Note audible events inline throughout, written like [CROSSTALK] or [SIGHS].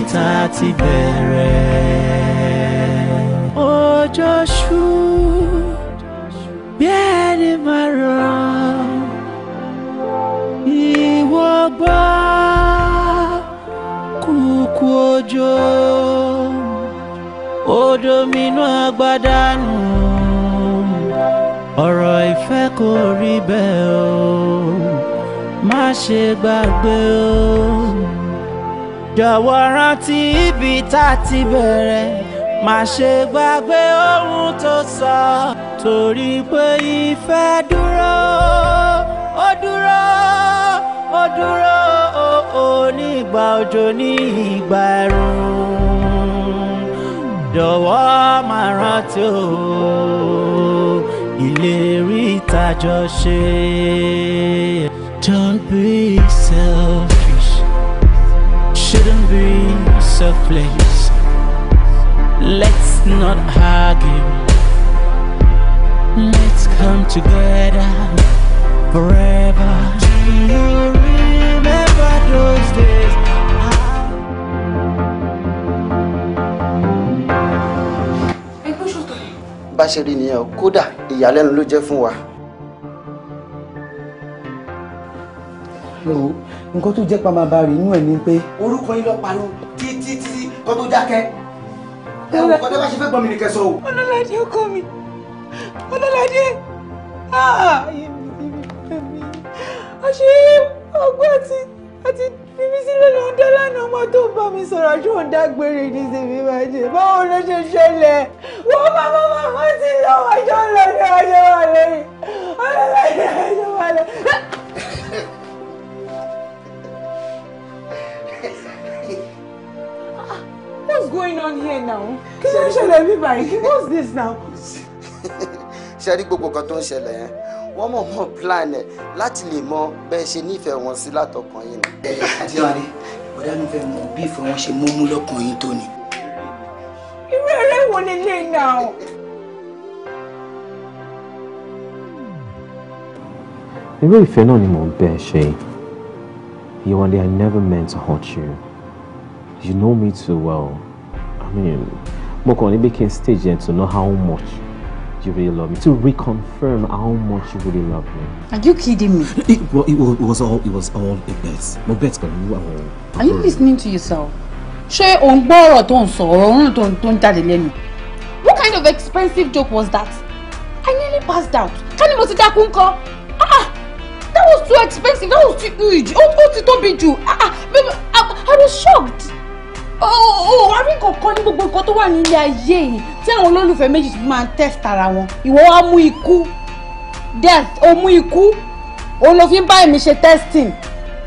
níbi tá a ti bẹ̀rẹ̀. òjò ṣú bí ẹni máa ràn ìwọ gbọ́ kúkú òjò odò mìíràn agbádá nù ọ̀rọ̀ ìfẹ́ kò rí bẹ́ẹ̀ o má ṣe gbàgbé o jọ̀wọ́ rántí ibi tá a ti bẹ̀rẹ̀ má ṣe gbàgbé ohun tó sọ torí pé ìfẹ́ dúró ó dúró ó dúró ó nígbà òjò ní ìgbà ẹ̀rùn jọ̀wọ́ má rántí o ìlérí ìtajọ ṣe. Don't be self. shouldn't be so place. Let's not argue Let's come together forever Do you remember those days? bá ṣe rí nìyẹn o kódà ìyàlẹ́nu ló jẹ́ fún wa. nǹkan tó jẹ́ pa máa bá inú ẹ̀ ni pé. orúkọ yín lọ pariwo títí títí kó tó dákẹ́. ẹ̀rọ kọ́dé bá ṣe fẹ́ gbọ́n mi ní kẹsàn o. ọlọ́ládé ọkọ mi ọlọ́ládé ah, àṣé ọgbọ́n àti àti bíbísí ló lọ ń dá lánàá ọmọ tó bá mi sọ̀rọ̀ ṣó ń dágbére ní sèmi máa jẹ báwo ló ṣe ṣẹlẹ̀ wọ́n bá bá bá bá ti lọ ọjọ́ lọ́dọ̀ ọjọ́ wà lẹ́yìn ọlọ́ládé ọjọ́ wà lẹ́yìn. what's going on here now kí ló ń ṣẹlẹ̀ bí báyìí what's this now. [LAUGHS] ṣe rí gbogbo kan tó ń ṣẹlẹ̀ yẹn wọ́n mọ̀ mọ́ plan ẹ̀ láti lè mọ bẹ́ẹ̀ ṣe nífẹ̀ẹ́ wọn sí látọkàn yín. ẹ àdéhùn bọ̀dá mi fẹ́ mọ bí ìfẹ́ wọn ṣe mọ́mú lọ́kàn yín tó ni. irú ẹ̀rẹ́ wo ni lè nà ọ́. irú ìfẹ́ náà ni mò ń bẹ́ẹ̀ ṣe Yewande, I never meant to hurt you you know me too well i mean mo kàn ní bí stage yẹn to know how much you really love me to reconfirm how much you really love me. are you kidding me. it, well, it, it was all it was all a bet mo bet pẹ̀lú àwọn. are you listening to yourself. ṣé o ń gbọ́ ọ̀rọ̀ tó ń sọ ọ̀rọ̀ òórùn what kind of expensive joke was that. i nearly passed out. ká ní mo ah, ah that was too expensive that was too huge ó ti tóbi jù ah, ah i was shocked ó oh, oh, àrí kankan ní gbogbo nǹkan tó wà nílé ayé yìí tí àwọn olólùfẹ́ méjì tó máa ń test ara wọn ìwọ wa mú ikú death ó mú ikú òun ló fi ń bá èmi ṣe testing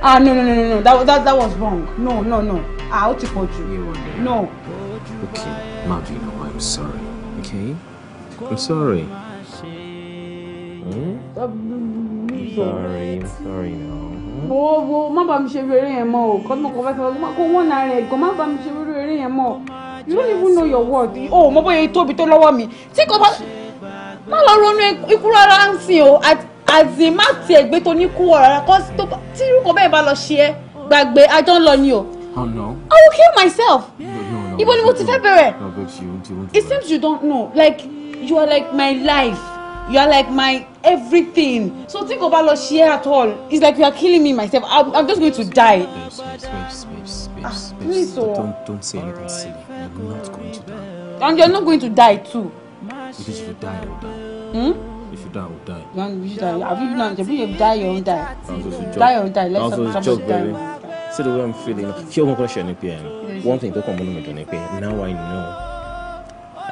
ah no no no no that, that, that was wrong no no no ah ó ti pọ̀ jù no. okay mabino i'm sorry okay i'm sorry. Hmm? Mm, mm, mm, I'm sorry, I'm sorry now. Mm-hmm. wo wo má bá mi ṣe eré yẹn mọ́ o kọ́ tó mọ̀ kọ́ fẹ́ sọ kó wọ́n náà rẹ̀ gan má bá mi ṣe eré yẹn mọ́ you don't even know your word o mo bóyá tóbi tó lọ́wọ́ mi tí kò bá má lọ ronú ikú rárá ń sìn o àti má tiẹ̀ gbé tó ní kú ọ̀rọ̀ kọ́ tí irú kan bẹ́ẹ̀ bá lọ ṣe é gbàgbé ajọ́ ń lọ ni o. Oh no. I will kill myself. No, no, no, Ibo ni mo ti fẹ́ bẹ̀rẹ̀. It seems you don't know like you are like my life you are like my everything. So think about lọ ṣe at all. It's like you are killing me myself. I'm, I'm just going to die. Babes, babes, babes, babes, babes. Ah, please, so. Oh. Don't, don't say anything silly. You're not going to die. And you're not going to die too. if you die, I will die. Hmm? If you die, I will die. Then you die. Have you done? If you die, you will die. Die or die. Let's have a joke, baby. See the way I'm feeling. Here, one question in PN. One thing, don't come on Now I know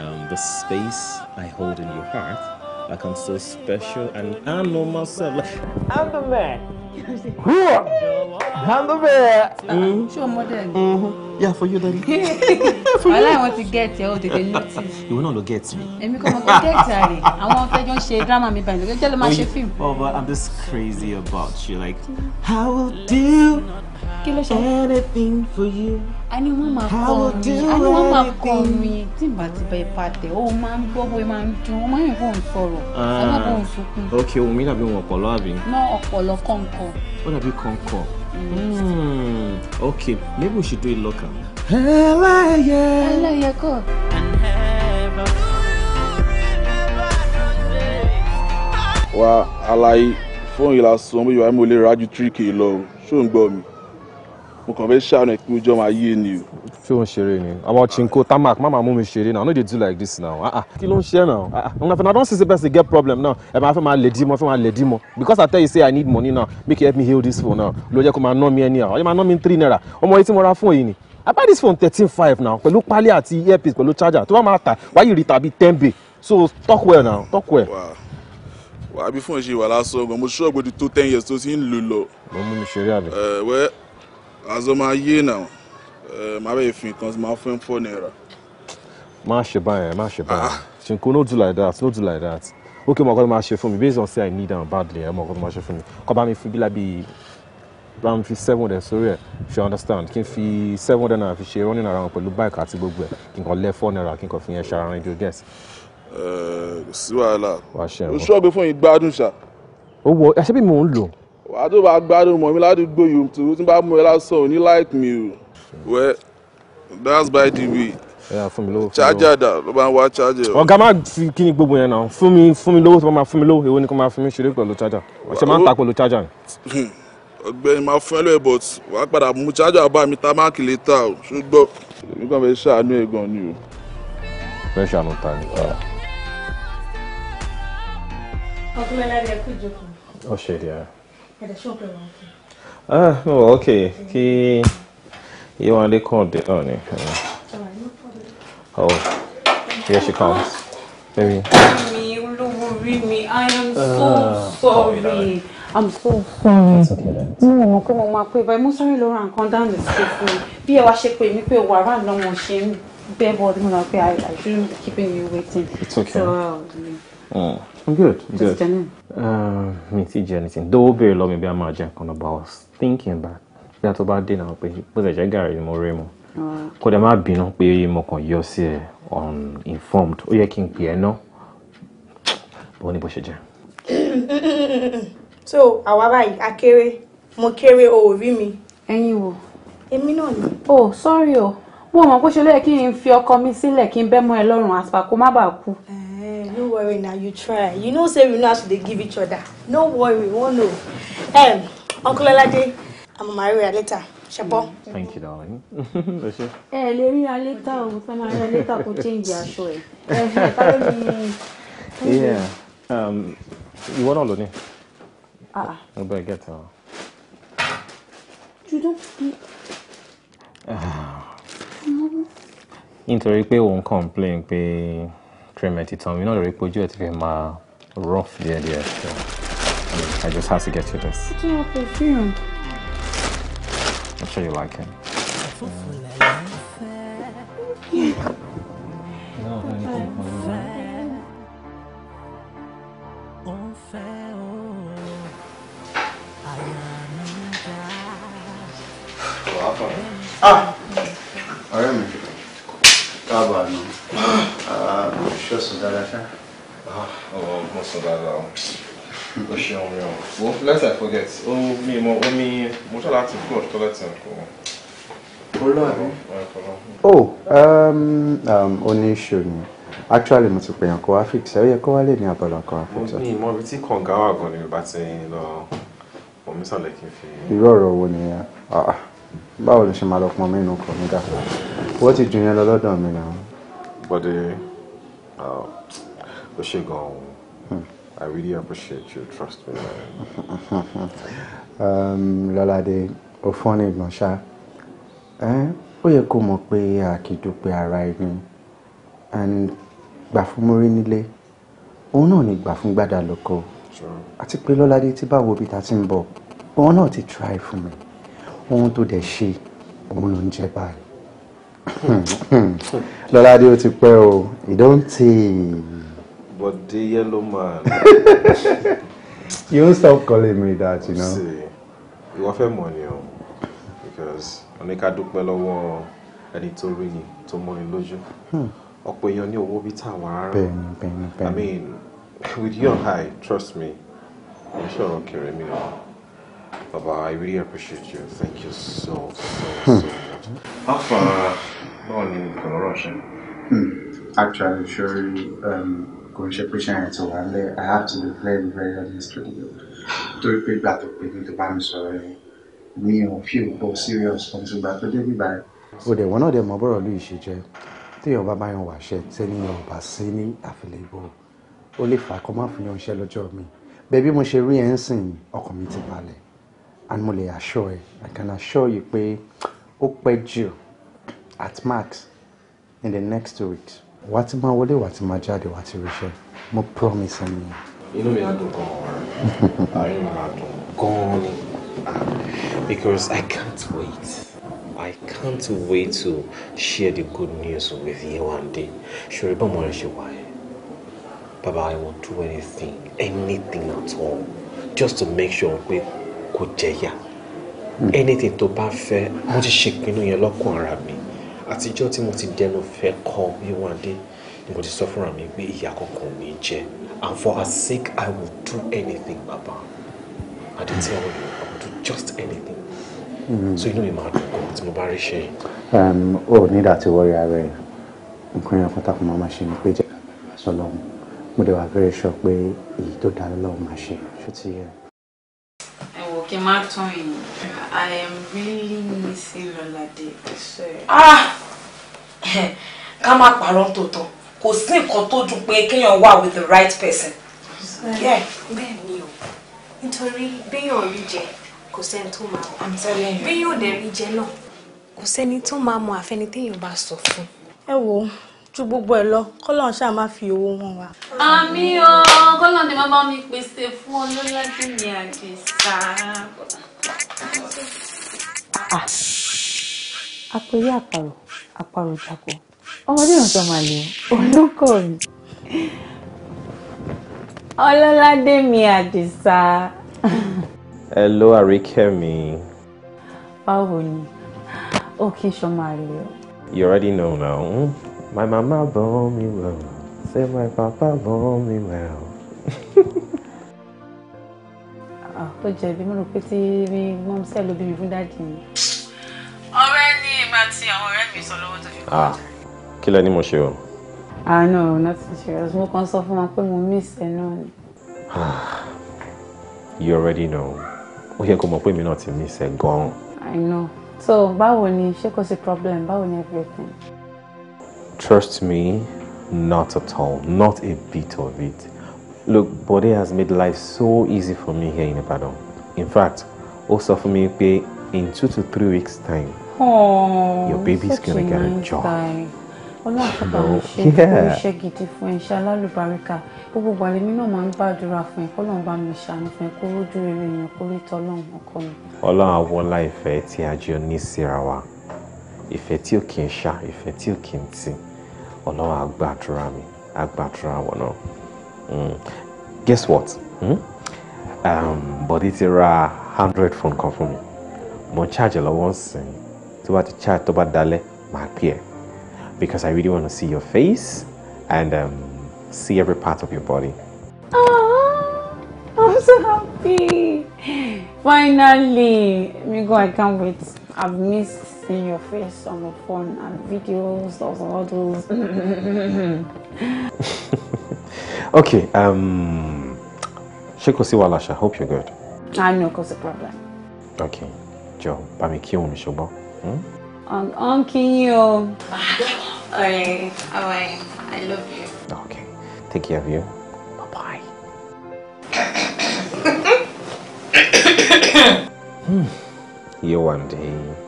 um, the space I hold in your heart. Like I'm so special and I know myself. Like, I'm the man. Who? I'm the man. Mm. Show more Mm-hmm. Yeah, for you then. [LAUGHS] for you. I want to get you. Oh, they can notice. You will not get me. Èmi kò mọ̀ kò get I want to jọ ṣe drama me, mi báyìí. tell them máa oh, ṣe film. Oh, but I'm just crazy about you. Like, how do kí ló ṣe. anything for you. a ní wọ́n máa kọrin a ní wọ́n máa kọrin tí n bá ti bẹ ipa tẹ ó máa ń gbọ́ bóyá máa ń dun ó máa ń fò ń sọ̀rọ̀ ẹ má bò ń sunkún. ok ohun mi dàbí ohun ọ̀pọ̀lọ́ àbí. ná ọ̀pọ̀lọ́ kọ̀ǹkọ̀. ó dàbí kọ̀ǹkọ̀. Mm. Hmm, ok maybe we should do it local. ẹlẹ́yẹ. ẹlẹ́yẹ kọ́. wa alaye fóònù yìí la sọ bóyá mo lè ra ju three k lọ ṣó ń gbọ́ mi mo kàn fẹ́ ṣàánú kí ojú ọmọ ayé ni o. fi wọn ṣeré ni àwọn chinko tamak má máa mú mi ṣeré now i no dey do like this now ah ah kí ló ń ṣe now ah ah una don see say person get problem now ẹ máa fẹ́ máa lè dí mọ́ fẹ́ máa lè dí mọ́ because i tell you say i need money now make you help me heal this phone now ló jẹ́ kó máa ná mi anyhow ọ̀yẹ́ máa ná mi three naira ọmọ yìí tí mo ra fún yìí ni i buy this phone thirteen five now pẹ̀lú pálí àti earpiece pẹ̀lú charger tó bá máa tà wáyé ten bay so talk well now talk well. Wow wàá bí fún ìṣe wà lásán gan mo ṣọ́ọ̀gbọ́dì tó ten years tó ti ń lò lọ. mo mú mi ṣeré àná. ẹ wẹ́ azomaye náà eh, màá bẹ̀ fi nǹkan máa fún four naira. má ṣe báyẹn má ṣe báyẹn ah. ṣìnkú no do like that no do like that ok mo kọ́ tó máa ṣe fún mi based on say i need am badly ẹ mo kọ́ tó máa ṣe fún mi kọ́ bá mi fún bílá bíi bá fi seven hundred sórí ẹ you understand kí n fi seven hundred naira fi ṣe running around pẹ̀lú bike àti gbogbo ẹ kí n kàn lẹ́ four naira kí n kàn fi yẹn ṣe ara rìn ju guess. Eh, kò sí wàhálà o ṣọ́ọ̀gbẹ́ fún ìgbádùn ṣá. owó ẹṣẹ́ bí mò ń lò wàá tó bá gbádùn mọ̀ mi ládùúgbò yòó tó tí bá mú ẹ lásán ò ní like mi o. well that's by the way ẹyà fún mi charger dà ló bá ń wá charger. ọ̀gá má fi kí ni gbogbo yẹn náà fún mi fún mi lówó tó bá máa fún mi lówó èwo ni kò máa fún mi ṣeré pẹ̀lú charger ọ̀ṣẹ́ máa ń ta pẹ̀lú charger. Hmm. ọ̀gbẹ́ni máa fún ẹ lóye but wàá padà mú charger bá mi ta máàkì létà o ṣùgbọ́n. èmi kàn fẹ́ ṣàánú ẹ̀ gan ni o. fẹ́ ṣàánú ta ni. Ah. ọkùnrin ẹlẹ́ni ẹ kú ìjókòó. ọ̀ṣẹ̀ ìdí ah no ok kí Yéwándé kàn dé náà ni. oh here she comes baby. mi olówó rí mi i am so ah. sorry. I'm so sorry. okay then. Mo mọ̀ pé mo máa pé báyìí, mo sáré lọ ra nǹkan down the street fún mi. Bí ẹ wá ṣe pé mi pé wàrà náà mo ṣe ń bẹ́ bọ́ọ̀dù mo náà pé I shouldn't be keeping you waiting. It's okay. So, um, mm. I'm good. I'm Just good. Uh, me see jẹ anything. Dówó béèrè lọ́mi bí a máa jẹ nǹkan náà was thinking back. Bí a tó bá dé náà pé bó ṣe jẹ́ gàrí ni mo rí mu. Kó dẹ̀ má bínú pé mo kàn yọ sí ẹ̀ uninformed. Ó yẹ kí n pè So àwa báyìí a kéré mo kere o ò rí mi. Ẹ̀yin wo. Èmi náà ni. Oh sorry o. Mo mọ̀ pé ṣe ló yẹ kí n fi ọkọ mi sílẹ̀ kí n bẹ́ mọ́ ẹ lọ́rùn àsìkò kó má bàa kú. Uh um, no worry now you try you know say we know how to dey give each other no worry we wan know um, uncle Olade i'm maria later ṣẹpọ. thank you darling. [LAUGHS] ẹ lè rí alẹ́ tá o fẹ́ máa rí alẹ́ tá kó change aṣọ ẹ̀ ẹ̀ tá ló ní. Um, ìwọ náà ló ní. Ah, ah. mo bẹ̀rẹ̀ gẹ̀ẹ́tì náà. judo. Ah. nítorí pé won't complain pay. Pe it on. You know the repo you have rough there there. So I just had to get you this. perfume. I'm sure you like it. Yeah. Ah, no, anything for you. ṣé o Oh, um, um, oníṣòwò ni actually mo ti pèyàn kó wá fix ẹ ó yẹ kó wá lè ní abala kan wá fix ẹ. mi mọ ibi tí kànga wà gan ni bá ti lọ omi sàn lẹ́kìn fi. irú ọ̀rọ̀ wo nìyẹn báwo ló Bọ́dé, o ṣe I really appreciate you, trust me. um, Lọ́ládé, o fún ní ìgbọ̀n ṣá. Ó yẹ kó mọ̀ a kì í ara ẹni. And gbà fún mórí nílé, òun náà ni gbà fún gbàdá lóko. Àti pé Lọ́ládé ti báwo bí ta ti ń bọ̀, òun ti try fún mi. Ohun tó dẹ̀ ṣe, òun ló ń jẹ Hmm. Hmm. lọ́ládé ó ti pẹ́ o ìdọ́ǹtì. bọ̀dé yellow man. [LAUGHS] you don stop calling me that you know. ìwọ fẹ́ mọ̀ ni o because oníkádúpẹ́ lọ́wọ́ ẹni tó rí ni tó mọ́ ni lójú hmm. ọ̀pọ̀ èèyàn ní owó bí tàwa rárá bẹ́ẹ̀ni bẹ́ẹ̀ni bẹ́ẹ̀ni i mean [LAUGHS] with your eye trust me i'm sure okay, Remi. mi baba i really appreciate you thank you so so so tú. afa báwo ni nǹkan ọ̀rọ̀ ṣe. Hmm, actually sure Um, going to pé it àyẹ̀tọ̀ wà i have to be very very honest with you torí pé ìgbà tó pè mí tó me mi sọ̀rọ̀ yẹn mi ò serious but ti gbà tó dé bíbá yẹn. o dẹ̀ wọ́n náà dẹ̀ mọ bọ́rọ̀ ló yìí ṣe jẹ́ téèyàn bá báyọ̀ wàṣẹ tẹ́ni ọ̀bà sí ní àfẹlẹ́gbọ́ ó lè fà kọ́ má fi yan iṣẹ́ lọ́jọ́ mi bẹ́ẹ̀ bí mo ṣe rí ẹ̀ ń sìn ọkàn mi ti balẹ̀ and mo lè assure ẹ I can assure you pé ó pẹ́ jù at max in the next two weeks What ti máa wọlé wàá ti máa jáde wàá ti ríṣẹ́ mo promise ẹni. inú mi á I gan-an àárín because I can't wait I can't wait to share the good news with you one day ṣòro bá mo rẹ ṣe wá ẹ baba I will do anything anything at all just to make sure we kò jẹ Yeah anything tó bá fẹ́ mo ti ṣèpinnu yẹn lọ́kàn ara mi àtijọ́ tí mo ti dẹnu fẹ́ kọ Yéwándé ni mo ti sọ fúnra mi pé ìyá kankan ò ní jẹ and for her sake I will do anything baba I dey tell you I will do just anything mm. so inú mi máa dùn gan tí mo bá rí ṣe. o ní láti wọrí ara ẹ nǹkan yẹn fún takùn máa ṣe ni pé jẹ́ sọ lọ́hùn mo dẹ̀ wà very sure pé èyí tó dára lọ́hùn máa ṣe ṣó ti yẹ. ẹ wò kí n má tún yìí. I am really missing Lọ́ládé I ah come [LAUGHS] up parọ́ toto. tán kò sí nǹkan tó dùn pé kéèyàn with the right person. bẹ́ẹ̀ ni you. nítorí béèyàn rí jẹ kò sẹ́ni tó máa mọ̀ béèyàn dẹ̀ you, jẹ náà kò sẹ́ni tó máa mọ̀ àfẹ́ni téèyàn bá sọ fún. ẹ wo You gbogbo ẹ lọ kọlọ́n ṣáà má fi owó wọn wá. àmì o kọlọ́n ni bàbá I'm pèsè fún ọ lọ́ládé ní àjẹsà. Ah. àpèrí àparò àparò jàpọ̀ ọmọdé náà sọ màlẹ olóko mi ọlọ́ládé mi àdìsá. hello àríkẹ́mi. báwo ni ó kí n ṣọmọ àlè o. you already know now my mama born me well say my papa born me well. [LAUGHS] Ah, tó jẹ̀bi mo rò pé tí mọ́mí sẹ́ẹ̀ ló bí mi fún dáàdì mi. ọ̀rẹ́ ni èmi àti àwọn ọ̀rẹ́ mi sọ lọ́wọ́ tó fi kọjá. Ah, kí lẹ ní mo ṣe o. ah no nothing serious mo kàn sọ fún wọn pé mo miss ẹ náà ni. Ah, you already know ó yẹ kó mọ̀ pé èmi náà ti miss ẹ gan i know so báwo ni ṣé kò sí problem báwo ni everything. trust me not at all not a bit of it. Look, Bode has made life so easy for me here in Ibadan. In fact, ó sọ fún pay in two to three weeks time, oh, your baby's gonna get a job. Guy. yeah. oríṣẹ́ gidi fún ẹ ṣe alálùbáríkà gbogbo ìgbà lèmi náà máa ń gbàdúrà fún ẹ kó lóun bá mi Mm. guess what hmm? um, bọ̀dé ti ra hundred phone kan fún mi mo charge lọ́wọ́ ń sìn tí wàá ti charge tó bá dalẹ̀ máa pè ẹ́ because I really want to see your face and um, see every part of your body. Oh, I'm so happy! Finally! Migo, I can't wait. I've missed seeing your face on the phone and videos, those models. [LAUGHS] okay, um, Shekosi Walasha, hope you're good. I know, cause the problem. Okay, Joe, Bami Kiyomi Shobo. I'm on Alright, alright, I love you. Okay, take care of you. Bye bye. [COUGHS] hmm. You one day.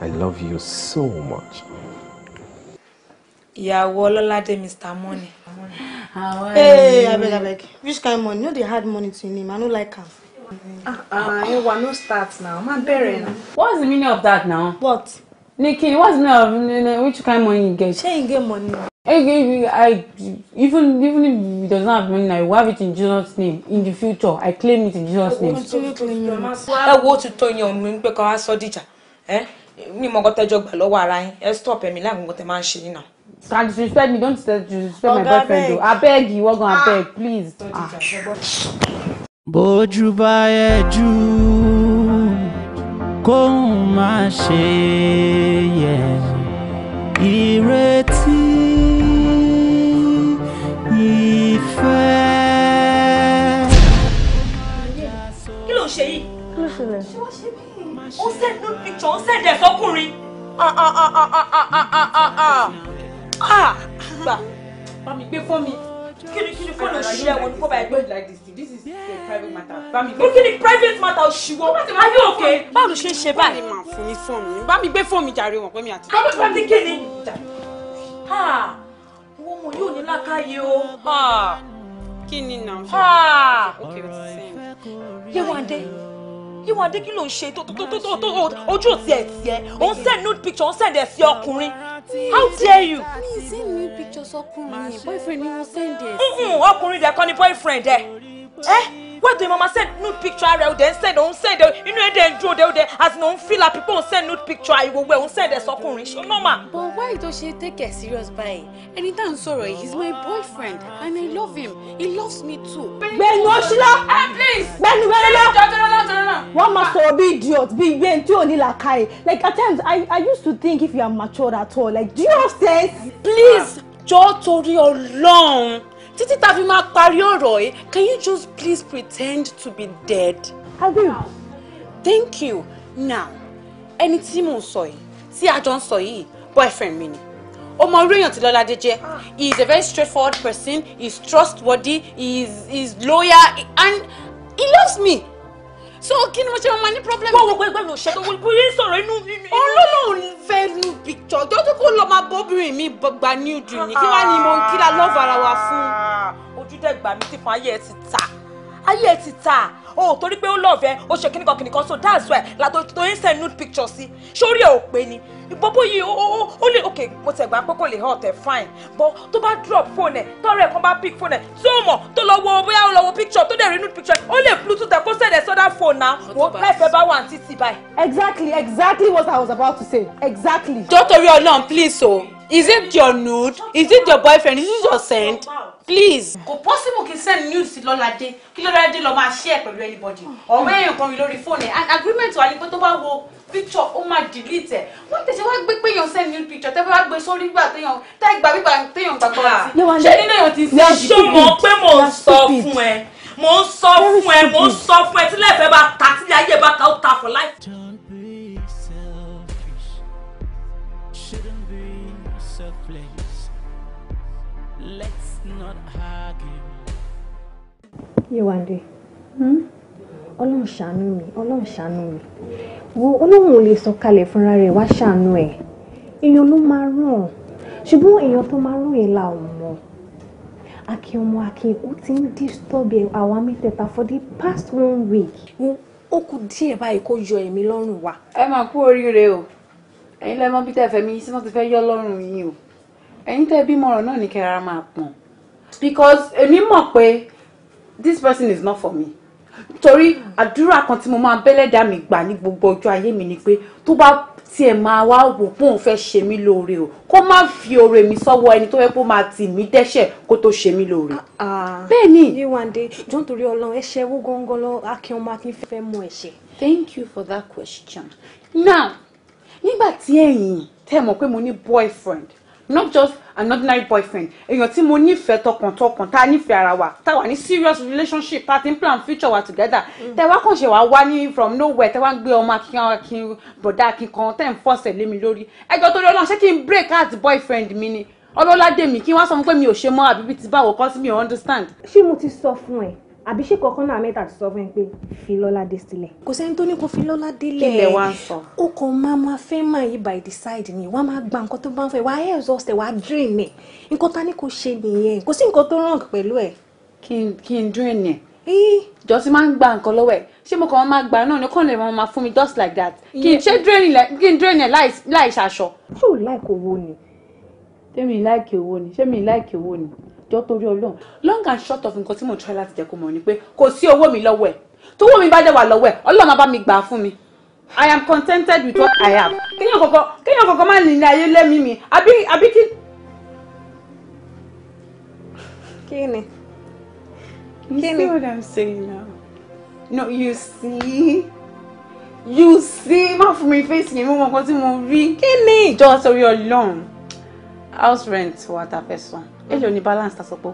I love you so much. Yeah, Ìyàwó Ọlọ́ládé Mr. Money. Hey, I beg, I beg. Which kind of money? No they had money to your name. I don't like am. Ah, ah, Ewa, no start now. Ma bẹ̀rẹ̀ na. What's the meaning of that now? What? Nikki, what's the meaning of which kind of money you get? She you get money. Eh, eh, eh, I, even even if he does not have money, I will have it in Jesus' name. In the future, I claim it in Jesus' name. Ẹ wo ti tó yan òun pé kí wọ́n á sọ dìjà ní mọ̀gọ́ tẹ́jọ́ gbà lọ́wọ́ ara yín ẹ stop ẹ̀mí láì gbogbo máa ń ṣe yín náà. can you respect me don't disrespect my boyfriend o abeg you wan go abeg please. bójú bá yẹ jù kóun má ṣe yẹ ìrètí. tó ń ṣẹ̀jẹ̀ sọ́kùnrin. gbà bá mi gbé fún mi. kí ni kí ni fóònù òṣìṣẹ́ wo ni kó bá ẹ gbé. this is a private matter. bá mi gbé. kí ni private matter òṣìwọ́. ayé òkè. báwo ló ṣe ń ṣe báyìí. báwo ni màá fún mi fún mi. bá mi gbé fún mi jàre wọn pé mi àti. bá mi kí ni. owó mo yóò ní lákàyè o. kí ni náà. ok o ti sẹ́yìn. yẹ́wọ́n adé yíwọ adé ń ṣe tó ojú òsì ẹ̀ tiẹ̀ òun send nude picture òun send ẹ̀ ọkùnrin how dare you. mi ì send nude pictures ọkùnrin mi boyfriend mi mo send ẹ̀ ọkùnrin dẹ̀ kọ́ ni boyfriend ẹ̀ ẹ́ wẹ́ẹ̀dù yìí mama send nude picture rẹ̀ òde send òun send inú ẹ̀ dẹ̀ ń dúró òde as in feel like people send nude picture ìwòwò ẹ̀ òun send ẹ̀ sọkùnrin ṣó normal. but why does she take it serious by? ẹni sorry, he's my boyfriend and I love him he loves me too. gbẹ̀nu ọ̀ṣìlá gbẹ̀nu gbẹ̀nu wọ́n máa must bí idiot bí gbẹ̀n tí ò ní làákàyè like at times I, I used to think if you are mature at all like do you have sense. please jọ́ torí ọlọ́run títí tá a fi máa parí ọ̀rọ̀ yìí can you just please pretend to be dead. abeg thank you now ẹni tí mò ń sọ yìí tí a jọ ń sọ yìí boyfriend mi ni ó mọ orí èèyàn tí Lọ́ládé jẹ́ he is a very straightforward person he is trustworthy he is he is loyal and he loves me so kí ni mo ṣe máa ní problem. wọ́n wọ pé pẹ̀lú òṣè tó wọlé bóyá sọ̀rọ̀ inú. olólùwọ̀n fẹ́ nu picture tó tó kó lọ máa bóbìnrin mi gba new drink ni kí wàá ní mo ń kí la lọ́ọ̀fù ara wa fún. ojú dẹ̀ gbà mí tí fún ayé ẹ ti ta ayé ẹ ti ta o torí pé ó lọ́ọ̀fẹ́ ó ṣe kíníkan kíníkan so that's why látò tó yín send nude picture sí sórí ẹ ò pé ni bọ́bọ́ yìí ó lè ok mo tẹ̀ gbà pé kò lè hot ẹ̀ fine but tó bá drop phone ẹ̀ tọ́rọ̀ ẹ̀ kan bá pick phone ẹ̀ tí ó mọ̀ tó lọ wo bóyá ó lọ wo picture tó dẹ̀ rí nude picture ó lè bluetooth ẹ̀ kó send ẹ̀ sọ́dá phone náà wò ó láìpẹ́ bá wà ní títì báyìí. exactly exactly what i was about to say exactly. jọ́ torí ọlọ́run please o oh. is it your nude is it your boyfriend is it your send please. kò possible kí n send news lọ́ládé kí lọ́ládé lọ́ọ́ máa share pẹ̀lú anybody ọ̀rẹ́ èèyàn kan rí lórí fóònù ẹ̀ and agreement wà ní pé tó bá wo picture ó máa delete ẹ̀ wọ́n tẹ̀sẹ̀ wá gbé pé èèyàn send new picture tẹ́ fẹ́ wá gbé sórí gbà téèyàn tẹ́ gbà gbígbà téèyàn gbàgbọ́ rẹ̀ ṣé nínú èèyàn ti ṣe ìdí ṣó mọ̀ pé mò ń sọ fún ẹ mò ń sọ fún ẹ mò ń sọ fún ẹ tí lẹ́ẹ̀fẹ́ bá ta tí ayé bá ta ó ta for life. Let's Yéwándé hmm? ọlọ́run ṣàánú mi ọlọ́run ṣàánú mi wo ọlọ́run ò lè sọ̀kalẹ̀ fúnra rẹ̀ wá ṣàánú ẹ̀ èèyàn ló máa ràn ṣùgbọ́n èèyàn tó máa ràn yẹn la ò mọ̀ akin ọmọ akin ó ti ń disturb àwa mẹ́tẹ̀ẹ̀ta for the past one week. wo ó kù díẹ̀ báyìí kó yọ ẹ̀mí lọ́rùn wa. ẹ máa kú oríire o ẹ̀yin lẹ́mọ́ bí tẹ́fẹ̀ mi sí wọ́n ti fẹ́ yọ lọ́rùn yín o ẹ̀yin tẹ́ bímọ ọ̀rọ̀ náà ní kẹ́ra máa pọ̀n because èmi mọ̀ pé this person is not for me torí àdúrà kan tí mo máa bẹ́lẹ́dà mi gbà ní gbogbo ọjọ́ ayé mi ni pé tó bá tiẹ̀ máa wá wò pé òun fẹ́ ṣe mí lóore o kó má fi oore mi sọ́wọ́ ẹni tó fẹ́ kó máa tì mí dẹ́ṣẹ̀ kó tó ṣe mí lóore. Ah, ah. bẹ́ẹ̀ ni. yíwáǹde jọ́n torí ọlọ́run ẹ̀ṣẹ̀ owó gángan lọ akin ọmọ akin fẹ́ mú ẹ̀ṣẹ̀. thank you for that question. now nígbà tí ẹ̀yin tẹ́ mọ̀ pé mo ní boyfriend not just an ordinary boyfriend èèyàn tí mo nífẹ̀ẹ́ tọkàntọkàn tá a nífẹ̀ẹ́ ara wa tá a wà ní serious relationship tá a plan future wa together mm. tẹ wá kàn ṣe wá wá ní from nowhere tẹ wá ń gbé ọmọ akin akin bọ̀dá akin kan tẹ̀ ń fọ́sẹ̀ lé mi lórí ẹjọ́ torí ọlọ́run ṣé kí n break out boyfriend mi ni ọlọ́ládé mi kí wọ́n sọ fún pé mi ò ṣe mọ́ àbíbí ti báwo kọ́ sí mi ò understand. ṣé mo ti sọ fún ẹ àbí ṣé kankan náà mẹ́ta ti sọ fún ẹ pé Filọ́ládé sílẹ̀. kò sẹ́ni tó ní kó Filọ́ládé lẹ̀ kílẹ̀ wá sọ. ó kàn máa ma fẹ́ máa yí by the side ni wàá máa gba nǹkan tó bá ń fẹ́ wàá exhaust wàá drain ẹ̀ nǹkan ta ni kò ṣe nìyẹn kò sí nǹkan tó wrong pẹ̀lú ẹ̀. kí n drain ẹ̀ jọ ti máa ń gba nǹkan lọ́wọ́ ẹ̀ ṣé mo kàn máa gbà náà ní kàn lè máa fún mi just like that kí n ṣe drain ẹ̀ láì ṣaṣọ. ṣé ò láìkè owó ni. ṣé mi láìkè owó ni ṣé mi láìkè jọ́ torí ọlọ́run long and short of nǹkan tí mo try láti jẹ́ kó mọ̀ ni pé kò sí owó mi lọ́wọ́ ẹ̀ tówó mi bá dẹ̀ wà lọ́wọ́ ẹ̀ ọlọ́run bá mi gbà fún mi i am contented with what i have kéèyàn kọ̀ọ̀kan kéèyàn kọ̀ọ̀kan má nìyí ayé lẹ́mìí mi àbí àbí kí. kí ni. You see what I'm saying now? No, you see? You see? Má fún mi face yẹn, mo mọ nǹkan tí mo rí. Kí ni? Jọ́ sórí Ọlọ́run. House rent wa a fẹ́ san èlò ni balance ta sọ kù.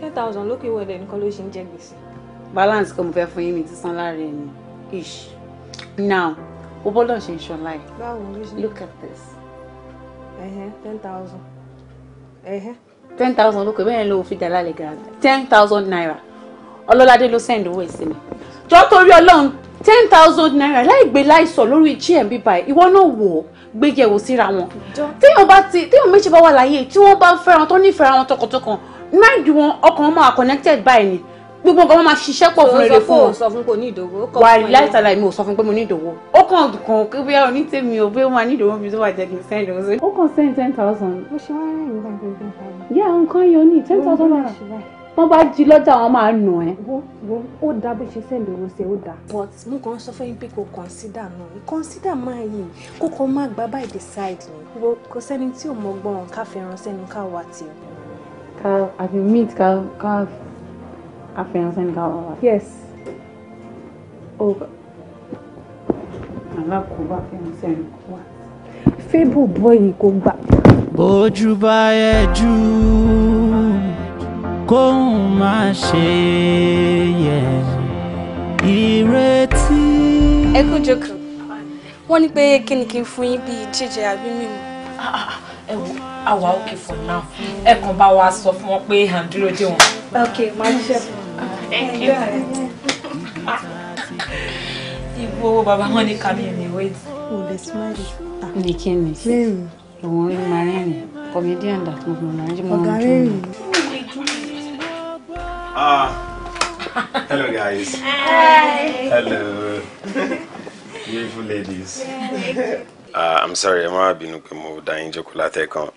ten thousand lókè ìwé ẹ̀dẹ̀ nìkan ló ṣe ń jẹ gbèsè. balance kọ́ mo fẹ́ fún yín mi ti san láàrin ẹni ish now o bọ́dọ̀ ṣe ń ṣọlá báwo ló ṣe look at this. ten thousand. ten thousand lókè bẹ́ẹ̀ ló fi dàlá lẹ̀ ten thousand naira ọlọ́ládé ló send owó ẹ̀ sí mi jọ́ torí ọlọ́run ten thousand naira láì gbé láìsọ lórí gmb báyìí ìwọ náà wò ó gbéyẹ̀wò síra wọn téèyàn bá ti téèyàn méjì bá wà láyé tí wọ́n bá fẹ́ràn tó nífẹ̀ẹ́ wọn tọkàntọkàn mind wọn ọkàn wọn máa connected báyìí ni gbogbo nǹkan wọn máa ṣiṣẹ́ pọ̀ fún rere fún wọn wà láìsàlà mi ò sọ fún pé mo ní ìdòwò ó kàn kàn pé bóyá oní tèmi ò bóyá ó máa ní ìdòwò mi tó wà jẹ́ kí n send ìdòwò sí. ó kàn send ten thousand. ó ṣe wá rẹ̀ nígbà gbogbo. yá nǹkan yọ ní ten thousand naira wọ́n bá jí lọ́jà wọn máa nù ẹ́. wo wo ó da bó ṣe sẹ́ǹdì owó sí ẹ ó da. but mo kàn ń sọ fún yín pé kò consider náà no. consider máa yìí kó kó má gba by the side ni wo kò sẹ́ni tí ò mọ gbọ́n ká fẹ́ràn sẹ́nu ká wà tí. ká àfi meet ká ká àfẹ́ràn sẹ́nu ká wà wà. yes. o alákòóbá fẹ́ràn sẹ́nu kó wà. fébù bọ́ọ̀yì kò gbà. bójú bá yẹ jù kóhùn má ṣe yẹ ìrètí. ẹ kú jókòó wọ́n ní pé kí ni kí n fún yín bíi jíjẹ àbí mímu. Ah, ah, ah, ẹ wo àwa òkè for now ẹ kàn bá wa sọ fún wọn pé à ń dúró dé wọn. ok máa ṣiṣẹ́ fún mi. ibo bàbá wọn ní kàmí ẹ̀mí wait. o lè smile. ní kí ni lóun rí marín kọmídíàn dàtúmọ̀ marín jùmọ̀ ọdún. ọ̀gá rẹ̀ rìn. Ah, hello, guys. Hi. Hello. Beautiful ladies. Uh, I'm sorry, ẹ má bínú pé mo dá yín jókòó látẹ̀kan.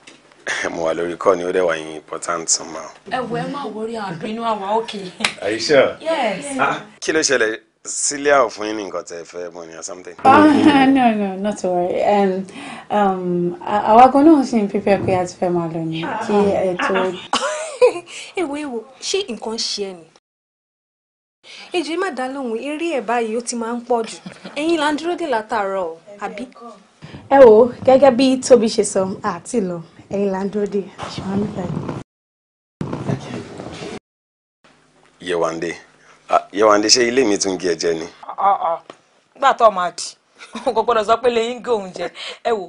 [LAUGHS] Mo wà lórí kọ́ ni ó dẹ̀ wà yín important somehow. Ẹ̀wọ̀ ẹ má wọrí àdó òkè. Are you sure? Yes. Ah, kí ló ṣẹlẹ̀? Sílẹ̀ ò fún yín ní nǹkan tẹ̀ fẹ́ mọ̀ ní or something. Uh, [LAUGHS] no, no, not to worry. Um, um, àwa gan náà ṣì ń pípẹ́ pé a ti fẹ́ máa lọ ní kí ẹ tó. [LAUGHS] èwo [LAUGHS] èwo ṣé nǹkan ṣe ẹ ni èjì má dá lóhùn eré ẹ̀ báyìí ó ti máa ń pọ̀ jù ẹ̀yin là ń dúró dè látàárọ̀ àbí. ẹ wo gẹ́gẹ́ bí Tóbi ṣe sọ àti lọ ẹ̀yin là ń dúró dè ṣùgbọ́n nípa ẹ̀. Yewande Yewande ṣé ilé mi tún gé ẹ̀jẹ̀ ni. gbà tó máa dì [LAUGHS] kò gbọ́dọ̀ sọ pé lẹ́yìn gé òun jẹ ẹ wo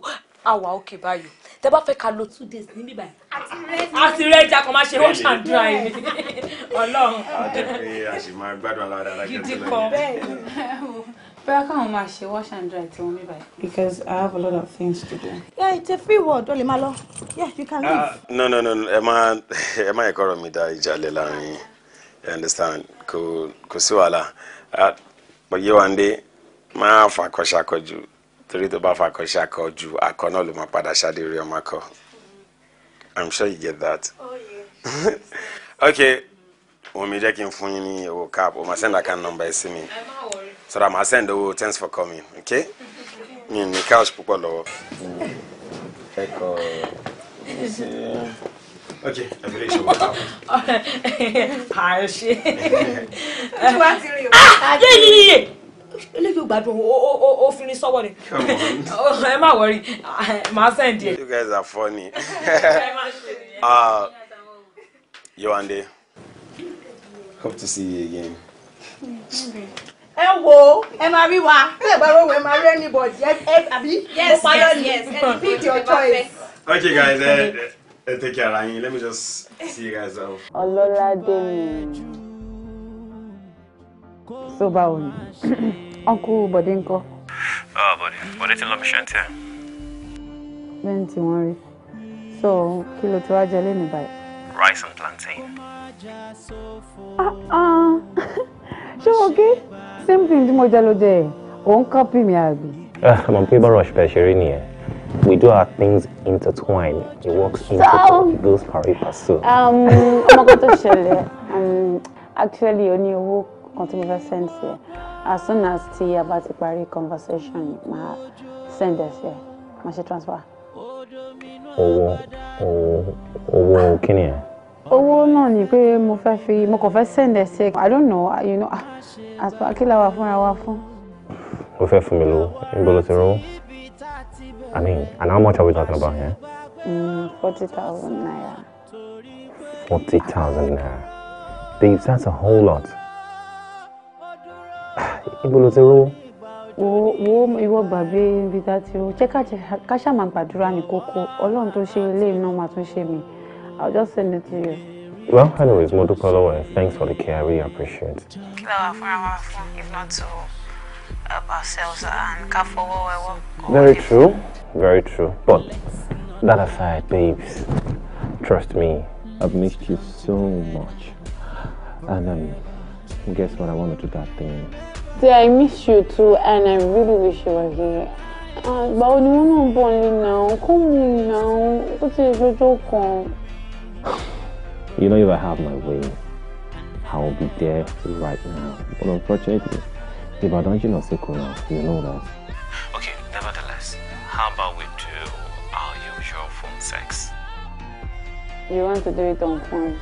àwa òkè báyìí tẹ bá fẹ́ ká lo two days níbí báyìí. àti rẹ ẹja kan máa ṣe wash and dry ni Ọlọ́run. a jẹ pé a sì máa gbádùn alára alájọ tó lọ. bóyá káwọn máa ṣe wash and dry tí wọn mi báyìí. because i have a lot of things to do. yeah it's a free world o lè máa lọ yeah you can ah, leave. Uh, no no no ẹ má ẹ má ẹ̀kọ́ rọ̀ mi dá ìjàlẹ̀ láàrin you understand kò kò sí wàhálà ah, yéwàndé máa fà kọ́ṣàkọ́jù torí tó bá fakọ ṣe akọ ju akọ náà ló máa padà ṣáde ọmọ akọ i'm sure you get that oh, [LAUGHS] yes. okay omi jẹ́ kí n fún yín ní owó cap o ma send account number ẹ sí mi so that ma send owó thanks for coming okay [LAUGHS] mi ní couch púpọ̀ lọ́wọ́. ẹ̀kọ́ ṣe. Okay, I believe she will come. Ah, she. What are you? Ah, yeah, yeah, yeah eléyìí ò gbádùn ó fi ní sọ́wọ́ ni [LAUGHS] oh, ẹ má wọrí màá sẹ́ǹdì ẹ̀. you guys are funny. [LAUGHS] [LAUGHS] uh, Yewande, hope to see you again. ẹ wo ẹ máa rí wa ẹ bá wọ ẹ máa rí anybody ẹ àbí mo parọ́ ni pick your choice. okay guys uh, uh, take care ara yín let me just see you guys out. ọlọ́ládé mi so báwo ni uncle Bọ̀dé ńkọ́. báwo Bọ̀dé Bọ̀dé ti lọ mi ṣe ń tiẹ̀. lẹ́yìn tí wọ́n so kilo ló ti wá jẹ lẹ́nu rice and plantain. Ah ah. [LAUGHS] o okay. same thing tí mo jẹ ló jẹ ẹ òun kọ́pì mi àgbì. àmọ́ ah, pé bọ́rọ̀ ṣùpẹ̀ ṣeré nìyẹn. we do our things intertwine. It works so, into it goes pari pasu. Um, um, actually, oni only kan tí mo fẹ́ send sí ẹ as soon as tí a bá ti parí conversation yìí máa send ẹ sí ẹ máa ṣe transfer. owó owó owó kí ni ẹ owó náà ni pé mo fẹ́ fi mo kàn fẹ́ send ẹ sí i don't know you know àtúbà ah, kí la wà fúnra wa fún. o fẹ́ fún mi lówó níbo ló ti rówó i mean and how much are we talking about here. Mm, forty thousand naira. forty thousand naira babes that's a whole lot ibo ló ti rówó. wo wo ìwọ gbàgbé ibi tá a ti rówó jẹ́ ká ṣàmà gbàdúrà ní kókó ọlọ́run tó ṣe ilé iná máa tún ṣe mí I'll just send it to you. well anyways mo dúpẹ́ thanks for the care I really appreciate. kí làwọn afárá wa fún if not to help um, ourselves and ká fọwọ́ very true very true but that aside babes trust me I've missed you so much and um, guess what I want to do that thing. I miss you too, and I really wish you were here. Ah, but you wọ́n náà bọ̀ lé Come on now. Ó ti ìṣojú You know if I have my way, I will be there right now. But unfortunately, if I don't, you know, sick now, you know that. Okay, nevertheless, how about we do our usual phone sex? You want to do it on phone?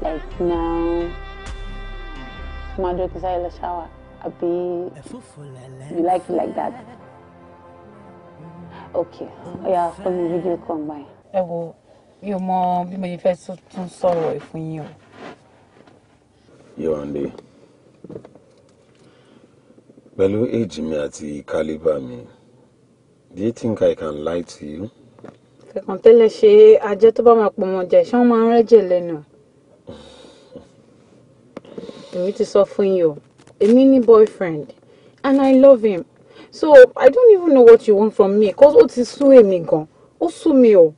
Like now? máa dúró kí sáré lọ you like it like that Okay. Oh, yeah, from the video come by. ẹ wo mi ò mọ bí mo ṣe fẹ́ tún sọ̀rọ̀ ìfún yín o. Yọ̀ǹde pẹ̀lú èjì mi àti caliber mi do you think I can lie to you? kẹ̀kọ́ tẹ́lẹ̀ ṣe ajẹ́ tó bá máa pọ̀ mọ́ jẹ́ ṣé wọ́n máa ń rẹ́jẹ̀ lẹ́nu èmi ti sọ fún yín o èmi ní boyfriend and i love him so i don't even know what you want from me cause ó ti sú èmi gan ó sú mi o.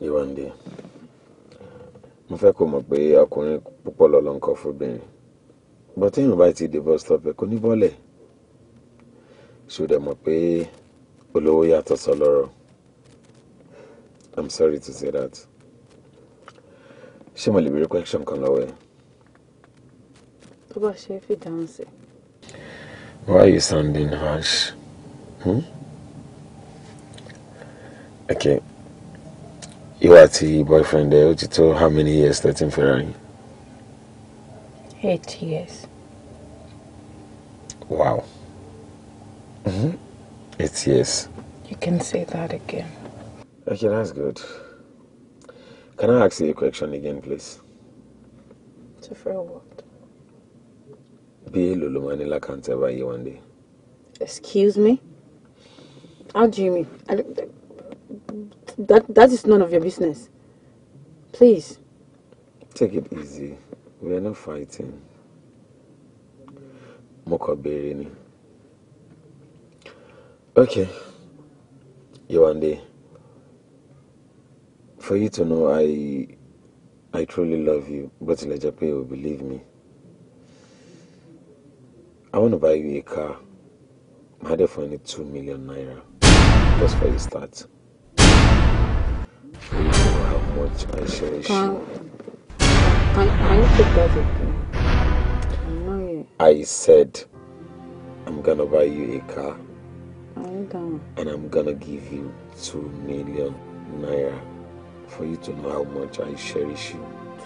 ìwọ́nde mo fẹ́ kó mọ̀ pé ọkùnrin púpọ̀ lọ́lọ́ ń kọ́ fóbìnrin But tí èèyàn bá ti dé bus stop ẹ̀ kò ní bọ́lẹ̀ ṣùgbọ́n mọ̀ pé olówó yàtọ̀ sọlọ́rọ̀ i'm sorry to say that ṣé mo lè béèrè question kan lọ́wọ́ ẹ̀. Why are you sounding harsh? Hmm? Okay. You are the boyfriend there. Ó ti tó how many years that in Ferrari? Eight years. Wow. Mm-hmm. Eight years. You can say that again. Okay, that's good. Can I ask you a question again, please? To for what? bí èlò ló máa ní lákàntì báyìí one day. excuse me how do you mean I, that that is none of your business please. take it easy we are not fighting mo kàn béèrè ni. okay Yewande for you to know I I truly love you bó tilẹ̀ jẹ́ pé o believe me. I want to buy you a car. I'm had for only two million naira just for the start. You know how much I cherish you. Can, can you take that again? I said I'm gonna buy you a car. And I'm gonna give you two million naira for you to know how much I cherish you.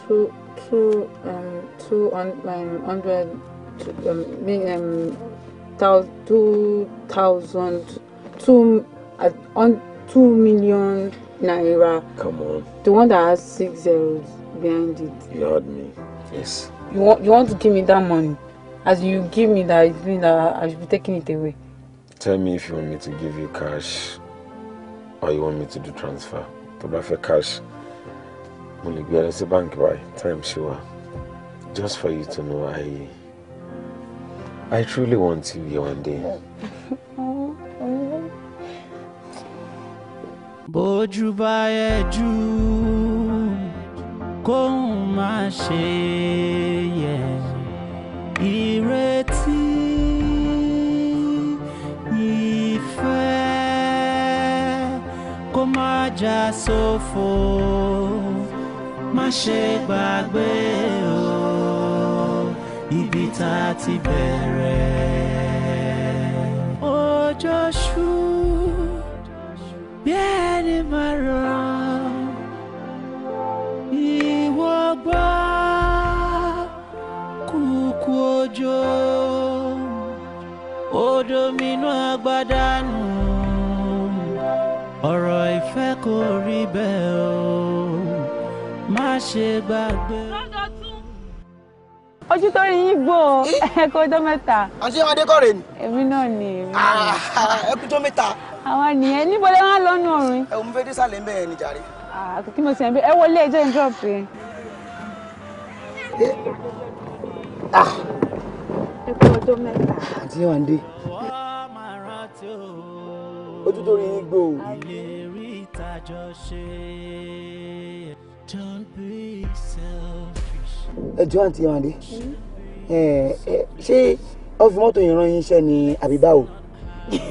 Two, two, um, two on um, hundred um, two thousand two uh, on two million naira. Come on. The one that has six zeros behind it. You heard me. Yes. You want you want to give me that money? As you give me that, it means that I should be taking it away. Tell me if you want me to give you cash, or you want me to do transfer. To buy for cash, Only lè gbé ẹ lọ sí Time sure. Just for you to know, I. I truly want to be one day. Bójú bá yẹ jù kóun má ṣe yẹ ìrètí ìfẹ́ kó má já o ibi tá a ti bẹ̀rẹ̀. òjò ṣú bí ẹni máa ràn ìwọ gbọ́ kúkú òjò odò mínú agbádá nù ọ̀rọ̀ ìfẹ́ kò rí bẹ́ẹ̀ o má ṣe gbàgbé ojú tó rí yín gbò ó ẹ̀kọ́ ọjọ́ mẹ́ta. àti ìwà adékọ̀rẹ́ ni. èmi náà ni èmi náà. ẹkú tó mẹ́ta. àwọn nìyẹn níbo lè wá lọ́nu òrùn. ẹ òun fẹ́ dé sàlẹ̀ ń bẹ̀ ní jàre. Ah, kí mo sì ń bẹ ẹ wọlé ẹjọ́ ìjọ́ pé. ẹkú ọjọ́ mẹ́ta. àti ìwà ń ojú tó rí yín gbò ó. Don't be selfish ẹjọ́ àǹtí wàndé ṣé wọ́n fi mọ́tò yìí rán yín iṣẹ́ ni àbí báwo.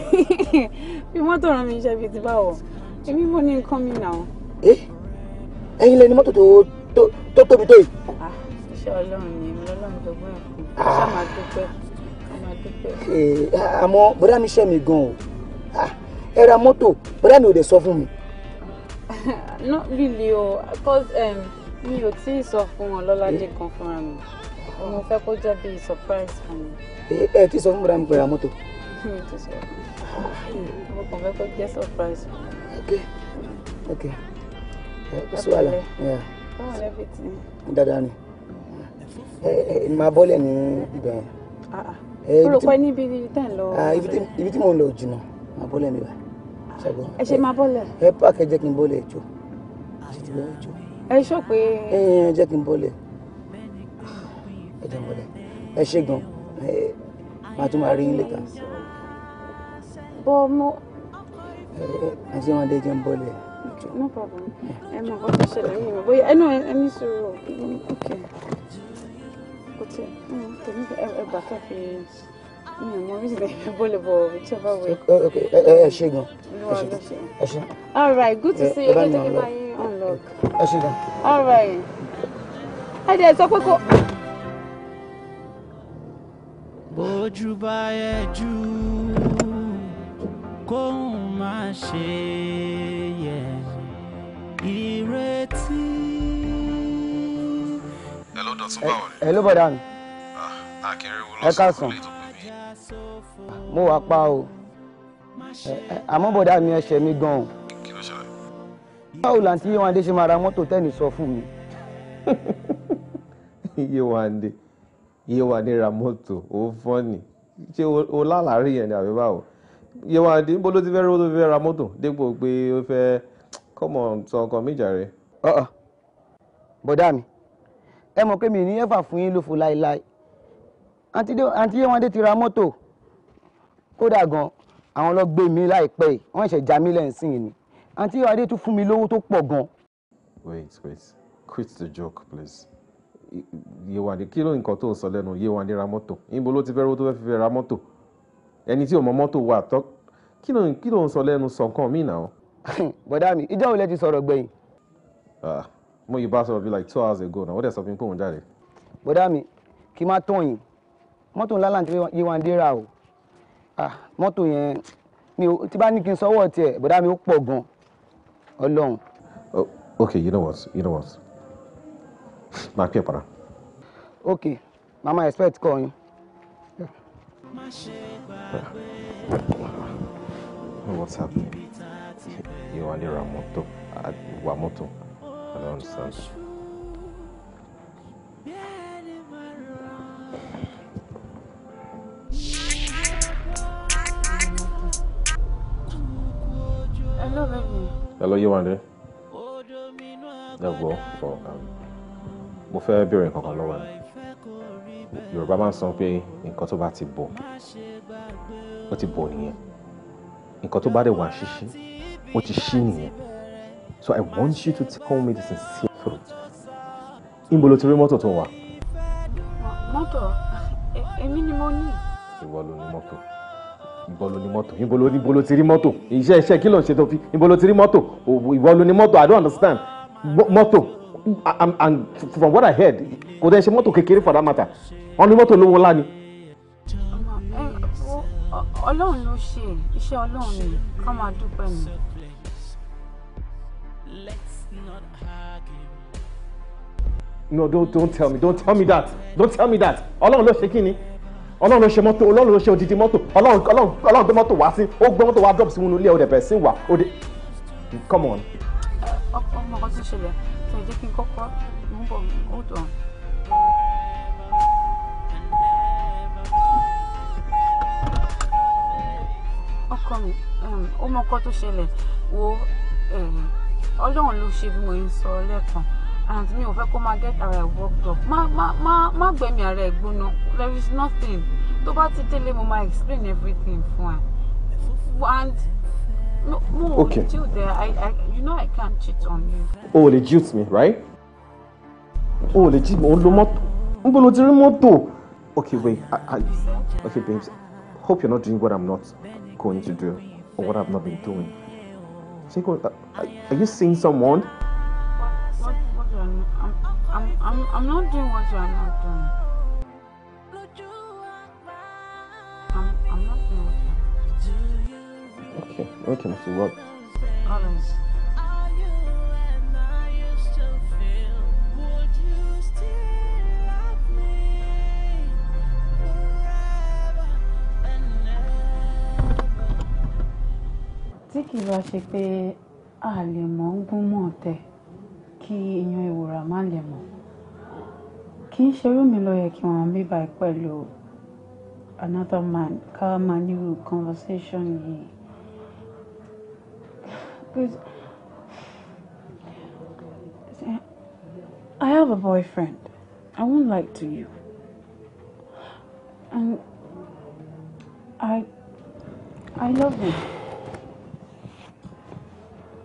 [LAUGHS] fi mọ́tò rán mi iṣẹ́ bíi ti báwo èmi mo ní nǹkan mi nà. ẹ̀yin lẹni mọ́tò tó tóbi tó yìí. Ah, iṣẹ́ ọlọ́run ni èmi lọ́lọ́run tó gbọ́n ẹ̀kọ́ ṣáà máa dúpẹ́ máa dúpẹ́. àmọ́ bọ́dá mi ṣẹ́ mi gan-an o ah, ẹ ra mọ́tò bọ́dá mi ò dẹ̀ sọ fún mi. [LAUGHS] not really o cause Um, mi ò tí ì sọ fún wọn lọ́ládé eh? kan fúnra mi mo fẹ́ kó jẹ́ bíi surprise fún mi. Eh, ẹ ti sọ fún bùrọ̀dá mi pẹ̀lú àmọ́tò. mi ò ti sọ mo kàn fẹ́ kó jẹ́ surprise fún mi. ok ok ẹ eh, kó sí wàhálà. báwo lẹ fi tì í. dáadáa ni ẹ ẹ máa bọ́lẹ̀ ní ibẹ̀ yẹn. Ah, ah. olùkọ́ níbi tẹ̀ ń lọ. Ah, ibi tí mo ń lọ jìnnà máa bọ́lẹ̀ mi bá. ẹ ṣe máa bọ́lẹ̀. ẹ pààkì ẹ jẹ́ kí n bọ́lẹ̀ ẹ̀ jọ ẹ ṣó pé. ẹ ẹ jẹ́ kí n bọ́lẹ̀ ẹ jẹ́ n bọ́lẹ̀ ẹ ṣe gan ẹ máa tún máa rí yín lẹ́ka. bọ́ mo. ẹ ẹ ṣé wọn dé jẹ́ n bọ́lẹ̀. no problem ẹ mọ nǹkan tó ṣẹlẹ̀ yìí mọ̀ bóyá ẹnu ẹni sọ̀rọ̀ ok kò tẹ̀ tẹ̀mí ẹ gbà fẹ́ fi mi ò mọ bí ṣe [LAUGHS] bọ́lẹ̀ bọ̀ whichever way. ẹ ẹ ṣe gan ẹ ṣe. all right good to see you ẹ ṣe gan. all right ẹ dẹ̀ sọ pé kò. bójú bá yẹ jù kóun má ṣe yẹ ìrètí. ẹ dọ̀tún báwo ni. ẹ ló bọ̀ dànù. akínrẹ́wò mo wà pa o àmọ́ bọ̀dá mi ẹ ṣe mí gan-an báwo làǹtí Yéwándé ṣe máa ra mọ́tò tẹ́ni sọ fún mi. [LAUGHS] Yéwándé Yéwándé ra mọ́tò ó fọ́nì ṣé o lálàárí yẹn ni àbí báwo Yéwándé bó ló ti fẹ́ rówó tó fẹ́ ra mọ́tò dépò pé ó fẹ́ kọ́mọ sọ nǹkan méjà rẹ. Uh-uh. bọ̀dá mi ẹ mọ̀ pé mi ní ẹ̀fà fún yín ló fò láéláé àǹtí Yéwándé ti ra mọ́tò kódà gan àwọn lọ gbé mi láìpẹ́ wọ́n ṣẹ̀ já mi lẹ́yìn sí yìí ni àǹtí adé tún fún mi lówó tó pọ̀ gan. wait wait quit the joke please yewande kí ló nǹkan tó ń sọ lẹ́nu yewande ra mọ́tò níbo ló ti fẹ́ rówó tó fẹ́ fi ra mọ́tò ẹni tí ò mọ mọ́tò wà tọ́ kí ló kí ló ń sọ lẹ́nu sọ nǹkan mí náà. [LAUGHS] bọ̀dá mi ìjọ́ òun ti sọ̀rọ̀ gbẹ̀yìn. Ah, mo yìí bá sọ̀rọ̀ bí like two hours ago náà wọ́n dẹ̀ sọ fún mi pé òun jáde. bọ̀dá mi kí má tán yìí mọ́tò ńlá láǹtí yewande ra o ah, mọ́tò yẹn tí bá ní kí n sọ́wọ́ tiẹ̀ bọ̀dá mi ó pọ̀ gan-an Ọlọ́run. Oh, okay you know what you know what máa pè para. padà. okay mama expect kọ yín. what's happening? you only ra moto wa moto i don't understand. Hello, baby hello Yéwándé ẹ̀gbọ́n ọ̀ mo fẹ́ béèrè nǹkan kan lọ́wọ́ ni Yorùbá máa ń sọ pé nǹkan tó bá ti bọ̀ ó ti bọ̀ nìyẹn nǹkan tó bá dẹ̀ wà ṣíṣí ó ti ṣí nìyẹn so I want you to tell me the sincere truth níbo ló ti rí mọ́tò tó wà. mọ́tò èmi ni mo ní. ìwọ ló ní mọ́tò ìbọn ló ní mọ́tò ìbọn ló ní ìbọn ló ti rí mọ́tò iṣẹ́ iṣẹ́ kí ló ń ṣe tó I don't understand mọ́tò and, from what I heard kò dẹ́ ṣe mọ́tò for that matter wọ́n ní mọ́tò lówó ni. ọlọ́run ló ṣe iṣẹ́ ọlọ́run ni ká máa dúpẹ́ ni. Let's not No, don't, don't tell me. Don't tell me that. Don't tell me that. Ọlọ́run ló ṣe kí ni? ọlọ́run ló ṣe mọ́tò ọlọ́run ló ṣe odidi mọ́tò ọlọ́run gbé mọ́tò wá sí ó gbé mọ́tò wá drop sí inú ilé ọ̀dẹ̀bẹ̀ sí wà òde come on. ọmọ kan tó ṣẹlẹ̀ tó jẹ́ kí n kọ́kọ́ mú bọ̀ ó tàn. ọkọ mi um, ó ọkọ tó ṣẹlẹ̀ wo um, ọlọ́run ló ṣe bí mo ń sọ lẹ́ẹ̀kan and mi ò fẹ́ kó máa get ara ẹ̀ worked up ma, ma, má má gbẹ̀mí ara ẹ̀ gbóná there is nothing tó bá ti délé mo máa explain everything fún ẹ and no mo ò lè chill there I I you know I can't cheat on you. o ò lè jilt me right o ò lè jilt me o lo mọ́tò n bolo ti rí mọ́tò okay wait I, I okay babes hope you're not doing what I'm not going to do or what I've not been doing. Are you seeing someone? What, what, I'm, I'm, I'm, I'm not doing what you're not doing. I'm, I'm not doing what you're not doing. Okay, okay, so what? Honest. tí kì í bá ṣe pé a lè mọ̀ ń gún mọ̀ tẹ̀ kí èèyàn ìwòrà má lè mọ̀ kì í ṣerú mi ló yẹ kí wọ́n bí báyìí pẹ̀lú another man ká máa nírú conversation yìí I have a boyfriend I won't lie to you and I I love him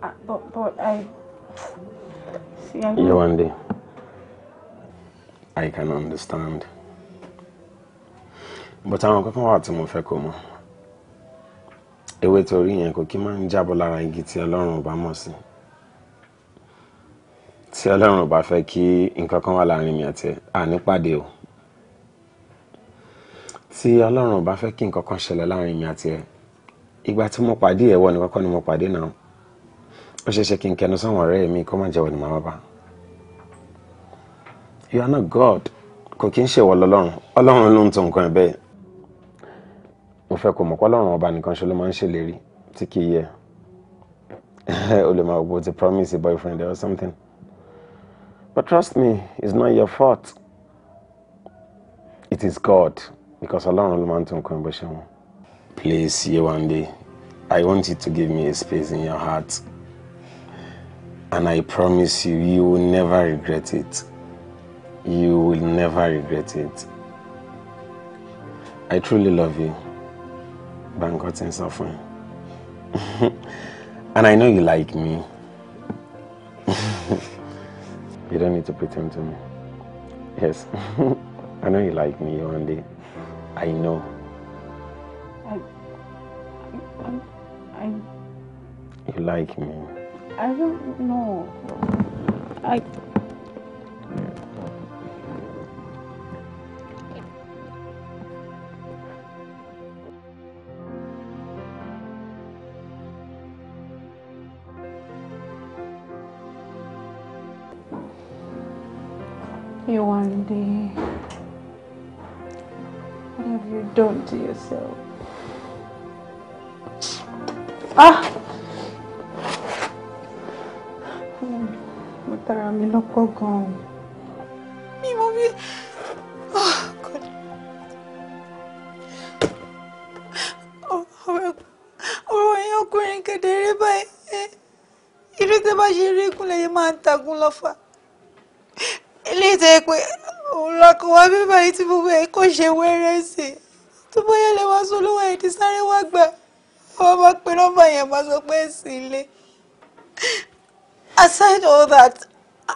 ah, but but I. Yawande, I can understand. But àwọn kankan wà tí mo fẹ́ kó mọ̀. Ewé torí yẹn kò kí máa ń jábọ́ lára igi tí Ọlọ́run ò bá mọ̀ sí. Tí Ọlọ́run ò bá fẹ́ kí nǹkan kan wà láàrin mi àti ẹ̀, àní pàdé o. Tí Ọlọ́run ò bá fẹ́ kí nǹkan kan ṣẹlẹ̀ láàrin mi àti ẹ̀, ìgbà tí mo pàdé ẹ̀wọ̀ ni kọ́kọ́ ni mo pàdé náà ó ṣe é ṣe kí n kẹnu sáwọn ọ̀rẹ́ mi kó má jẹ́wọ́ ni màmá bá you are not God kò kí ń ṣèwọ lọ́lọ́run ọlọ́run ló ń tàn nǹkan ẹ̀ bẹ́ẹ̀ mo fẹ́ kó mọ̀ pé ọlọ́run ọba nìkan ṣe ló máa ń ṣèlérí tí kì í yẹ [LAUGHS] o lè máa gbọ́ ti promise boyfriend or something but trust me it's not your fault it is God because ọlọ́run ló máa ń tàn nǹkan bó ṣe wọn. please Yewande I want you to give me a space in your heart. And I promise you, you will never regret it. You will never regret it. I truly love you. Bangkot and suffering. [LAUGHS] and I know you like me. [LAUGHS] you don't need to pretend to me. Yes. [LAUGHS] I know you like me, Yolandi. I know. I, I, I... You like me. I don't know. I. You one day. What have you done to yourself? Ah! lọ́pọ̀ gan-an. mi mo rí ah, ọ̀rọ̀ oh, oh! kedere báyìí ìlú tẹ́ bá ṣe rí kúnlẹ̀ yẹn máa ń tagun lọ́fà ilé ìtẹ́ pé òun lọkọ̀ oh, bíbá yìí tí gbogbo ẹ̀ kò ṣe wẹ́rẹ́ sí i tó bóyá lè wá sọ olówó ẹ̀ sáré wá gbà wọ́n bá pe nọ́mbà yẹn bá sọ pé sí aside all that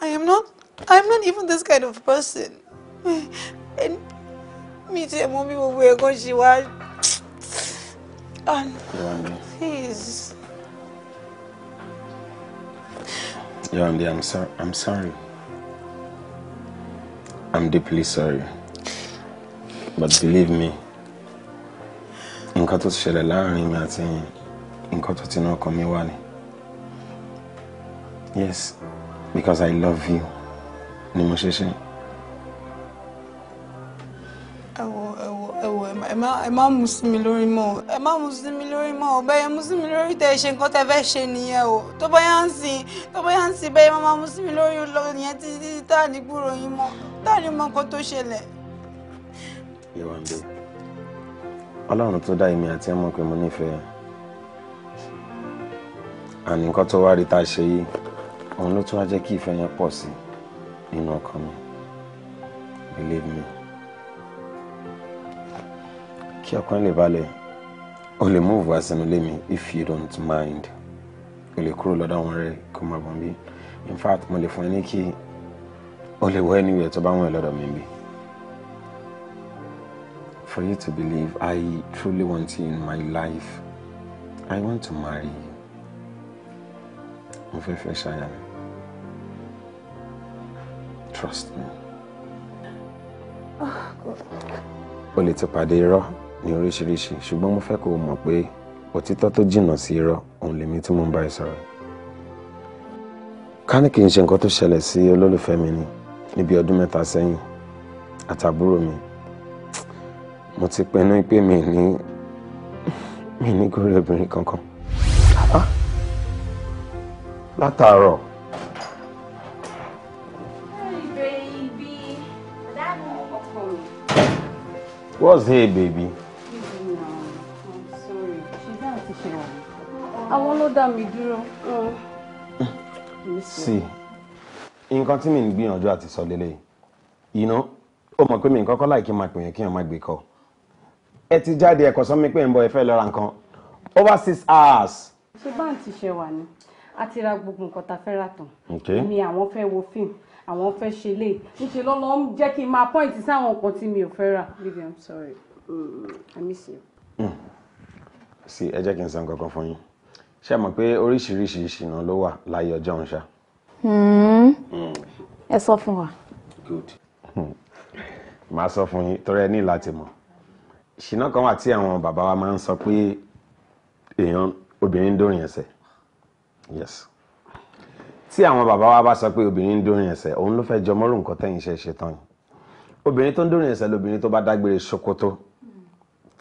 I am not I'm not even this kind of person. And me too, mommy will wear what she was. And please. Yandi, I'm sorry. I'm sorry. I'm deeply sorry. But believe me, nǹkan tó ti ṣẹlẹ̀ láàrin mi àti nǹkan tó ti Yes, because I love you ni mo ṣe ṣe. ẹwọ ẹwọ ẹwọ ẹ má mú sí mi lórí mọ́ ẹ má mú sí mi lórí mọ́ ọ bẹ́ẹ̀ mú sí mi lórí tẹ ṣe nǹkan tẹ fẹ́ ṣe nìyẹn o tó bá yá ń sìn tó bá yá ń sìn bẹ́ẹ̀ má má mú sí mi lórí lọ yẹn títí tá à ní gbúròó yín mọ́ tá à ní mọ̀ nǹkan tó ṣẹlẹ̀. ìwà Ọlọ́run tó dá èmi àti ẹ mọ̀ pé mo nífẹ̀ẹ́ àní nǹkan tó wá rí tá a ṣe yìí òun ló tún wá jẹ́ kí ìfẹ́ yẹn pọ̀ sí nínú ọkàn mi believe me kí ọkàn lè balẹ̀ o lè move wá sínú ilé mi if you don't mind o lè kúrò lọ́dọ̀ àwọn rẹ kó má bọ̀ bí in fact mo lè fún ẹ ní kí o lè wọ anywhere tó bá wọn lọ́dọ̀ mi bí. For you to believe I truly want you in my life. I want to marry you. Mo fẹ́ fẹ́ ṣaya mi. Trust me. Ah, o lè ti pàdé irọ́ ní oríṣiríṣi ṣùgbọ́n mo fẹ́ kó o mọ̀ pé òtítọ́ tó jìnnà sí irọ́ òun lèmi tí mo ń bá ẹ sọ̀rọ̀. Ká kì í ṣe nǹkan tó ṣẹlẹ̀ sí olólùfẹ́ mi ni níbi ọdún mẹ́ta sẹ́yìn àtàbúrò mi mo ti pinnu pé mi ní mi ní górí obìnrin kankan ah! látàárọ̀. What's here, baby? Àwọn ló dá mi dúró. Mm. Sí, nǹkan tí mi ń gbìyànjú àti sọ lélẹ̀ yìí, my queen, I pé mi nǹkan kọ́ láì kí n máa pèèyàn kí n máa gbé kọ́. over six hours. So báǹtì ṣe wà ní? A ti ra gbogbo nǹkan tá a fẹ́ rà tán. Ni wo fíìmù àwọn fẹ́ ṣe lè níṣẹ́ lọ́lọ́ ń jẹ́ kí n máa point sí àwọn nǹkan tí mi ò fẹ́ rà baby i'm sorry mm, i miss you. Hmm. sí ẹ jẹ́ kí n san kankan fún yín ṣé mọ̀ pé oríṣiríṣi ìṣìnà ló wà láyé ọjọ́ ń ṣá. Hmm. Hmm. ẹ sọ fún wa. good màá sọ fún yín torí ẹ ní láti mọ̀ ìṣìnà kan wà tí àwọn bàbá wa máa ń sọ pé èèyàn obìnrin dórin ẹsẹ̀ yes tí àwọn bàbá wa bá sọ pé obìnrin ń dórin ẹsẹ̀ òun ló fẹ́ẹ́ jọmọ́rò nǹkan tẹ́yìn iṣẹ́ ṣe tán ni obìnrin tó ń dórin ẹsẹ̀ lobìnrin tó bá dágbére ṣòkòtò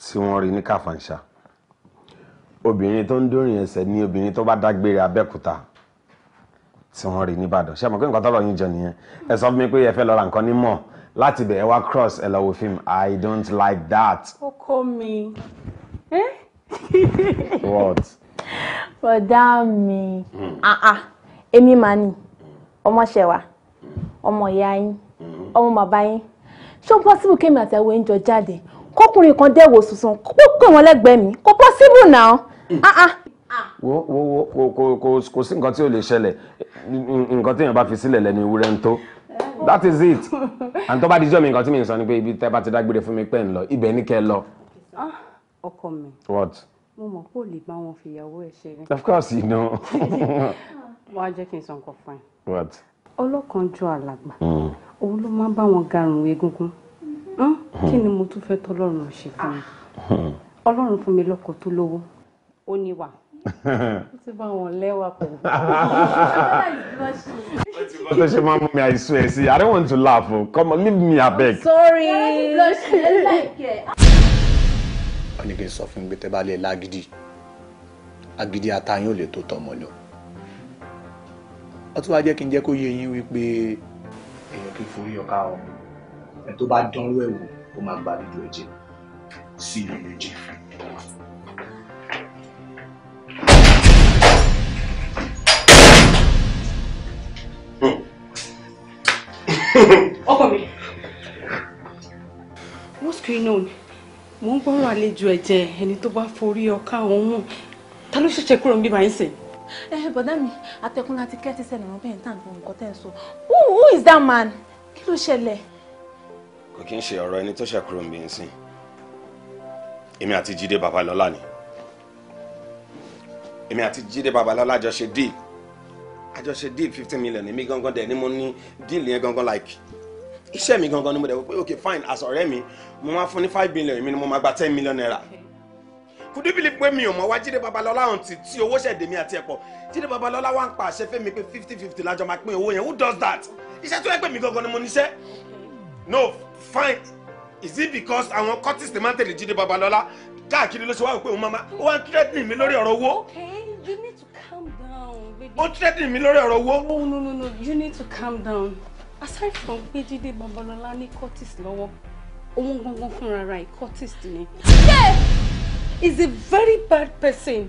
tí wọ́n rí ní kàfàǹṣà obìnrin tó ń dórin ẹsẹ̀ ni obìnrin tó bá dágbére abẹ́kúta tí wọ́n rí nìbàdàn ṣé àmọ́ pé nǹkan tọ́lọ̀ yín jọ nìyẹn ẹ sọ fún mi pé ẹ fẹ́ lọ ra nǹkan ní mọ̀ láti bẹ̀ ẹ wá cross ẹ lọ wo film i don't like that. ó kọ́ mi. what. bọ̀dá mi. Hmm. ah ah èmi máa ní ọmọ ṣẹwà ọmọ ìyá yín ọmọ bàbá yín ṣé ó pọ́sibú kémi àti àwọn oúnjẹ jáde kọkùnrin kan dẹ́wọ̀ sùsùn kó pè wọ́n lẹ́gbẹ̀ẹ́ mi kò pọ́sibú náà ah, ah. wo wo wo kò kò kò sí nǹkan tí ò lè ṣẹlẹ̀ nǹkan tí èèyàn bá fi sílẹ̀ lẹ́nu ìwúrẹ́ ń tó that is it and tó bá dijọ́ mi nǹkan tí mi ń sọ ni pé ibi tẹ́ bá ti dágbére fún mi pẹ́ ń lọ ibẹ̀ ní kẹ́ ẹ lọ. Ah, ọkọ mi what. mo mọ̀ kó lè bá wọn fìyàwó ẹ̀ ṣe. of course you know. [LAUGHS] wọ́n á jẹ́ kí n sọ nǹkan fún ẹ. ọlọ́kànjọ alàgbà hmm. òun ló máa ń bá wọn garùn egungun hmm? Hmm. kí ni mo tún fẹ́ tọ́lọ́run ṣe fún mi ọlọ́run fún mi lọ́kọ tó lówó ó níwà ti bá wọn lẹ́wà pọ̀. o tó ṣe máa mú mi àìsùn ẹ̀ sí i don't want to laugh o come on leave me abeg. sorry. wọ́n ní kí n sọ fún mi pé tẹ́ bá lè lágídí agídí atayín ò lè tó tọmọ lọ ó tún jẹ́ kí n jẹ́ kó yé yín wípé èèyàn kì í forí ọkà ọ ẹ tó bá dánrú ẹ wò ó máa gba àlejò ẹ̀jẹ̀ sí ìlú méjì. ọkọ mi what's going on mo ń gbọ́rọ̀ àlejò ẹ̀jẹ̀ ẹni tó bá forí ọkà ọ̀hún ta ló ṣẹ̀ṣẹ̀ kúrò ń bí báyìí sìn ẹ eh, bọ̀dá mi àtẹ̀kùn láti kẹ́tí sẹ́nu ọ̀rọ̀ bẹ́ẹ̀ tá à ń gbọ́ nǹkan tẹ́ ń sọ who is that man kí ló ṣẹlẹ̀. kò kí n ṣe ọ̀rọ̀ being seen. ṣe at níbi ìsìn èmi àti Jídé Babalọ́lá ni èmi àti Jídé Babalọ́lá jọ Just deal àjọ ṣe deal 15 million èmi gangan dẹ̀ ni any money. deal you're yẹn gangan like iṣẹ́ mi gangan ni mo dẹ̀ wò pé okay fine as ọ̀rẹ́ mi mo máa fún ní five million èmi ni mo máa gba million Okay could you believe pé mi ò mọ̀ wá jíde babalọ́lá ọ̀ǹtì tí owó ṣẹ̀dẹ̀ mi àti ẹ̀pọ̀ jíde babalọ́lá wá ń pa àṣẹ fẹ́mi pé fifty fifty lájọ máa pín owó yẹn who does that iṣẹ́ tó yẹ pé mi gangan ni mo níṣẹ́ no fine is it because àwọn cortis ti máa ń tẹ̀lé jíde babalọ́lá káàkiri ló ṣe wá pé òun oh, máa wá ń tírẹ́tì mi lórí ọ̀rọ̀ owó. okay you need to calm down baby. ó tírẹ́tì mi lórí ọ̀rọ̀ owó. oh no no no you need to calm down aside from pé jíde babalọ́lá ní cortis lọ́wọ́ òun gangan fúnra rẹ̀ Curtis ni. jíde is a very bad person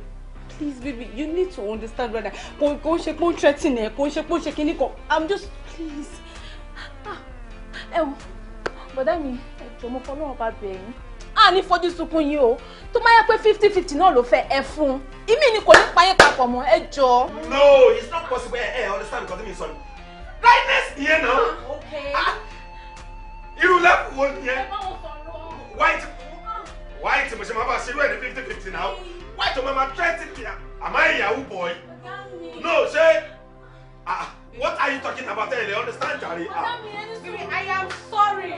please baby you need to understand brother kò kò ṣe kò ń threaten ẹ kò ń ṣe kò ń i'm just please ẹ wò bọ̀dá mi ẹ jọ̀ọ́ mo fọlọ́run bá bẹ̀ yín a ní fojú sunkún yín o tó máa yẹ pé fifty fifty náà ló fẹ́ ẹ fún un ìmí ni kò ní payé papọ̀ mọ́ ẹ jọ̀ọ́. no it's not possible ẹ understand because son. sọ ni brightness yẹn náà You lẹ́kùn one here. white why ti mo ṣe máa fifty fifty now? why ti mama máa tẹ́tí Am I àmọ́ boy no say. Ah, ah what are you talking about ẹ̀ They understand Charlie. Ah. ọ̀dọ́ I am sorry.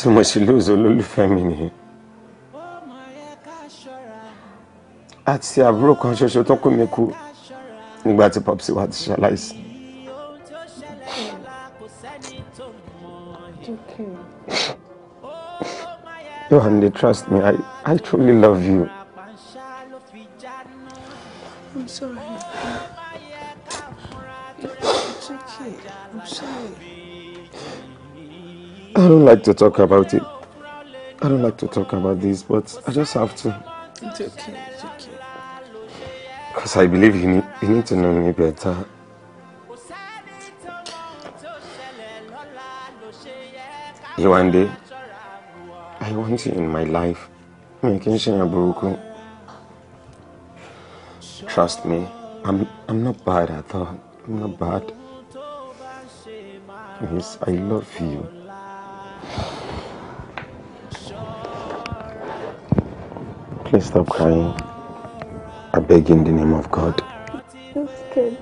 tí mo ṣe lóòzó olólùfẹ́ mi nìyẹn àti àbúrò kan ṣoṣo tó kú mi kú nígbà tí popsi wa ti ṣaláìsí. Yohande, [LAUGHS] trust me, I, I truly love you. I'm sorry. I'm sorry. I don't like to talk about it. I don't like to talk about this, but I just have to. It's okay, it's okay. Because I believe you need, you need to know me better. Iwande, I want you in my life. Making sure Buruku. Trust me, I'm I'm not bad at all. I'm not bad. Yes, I love you. Please stop crying. I beg in the name of God. I'm scared,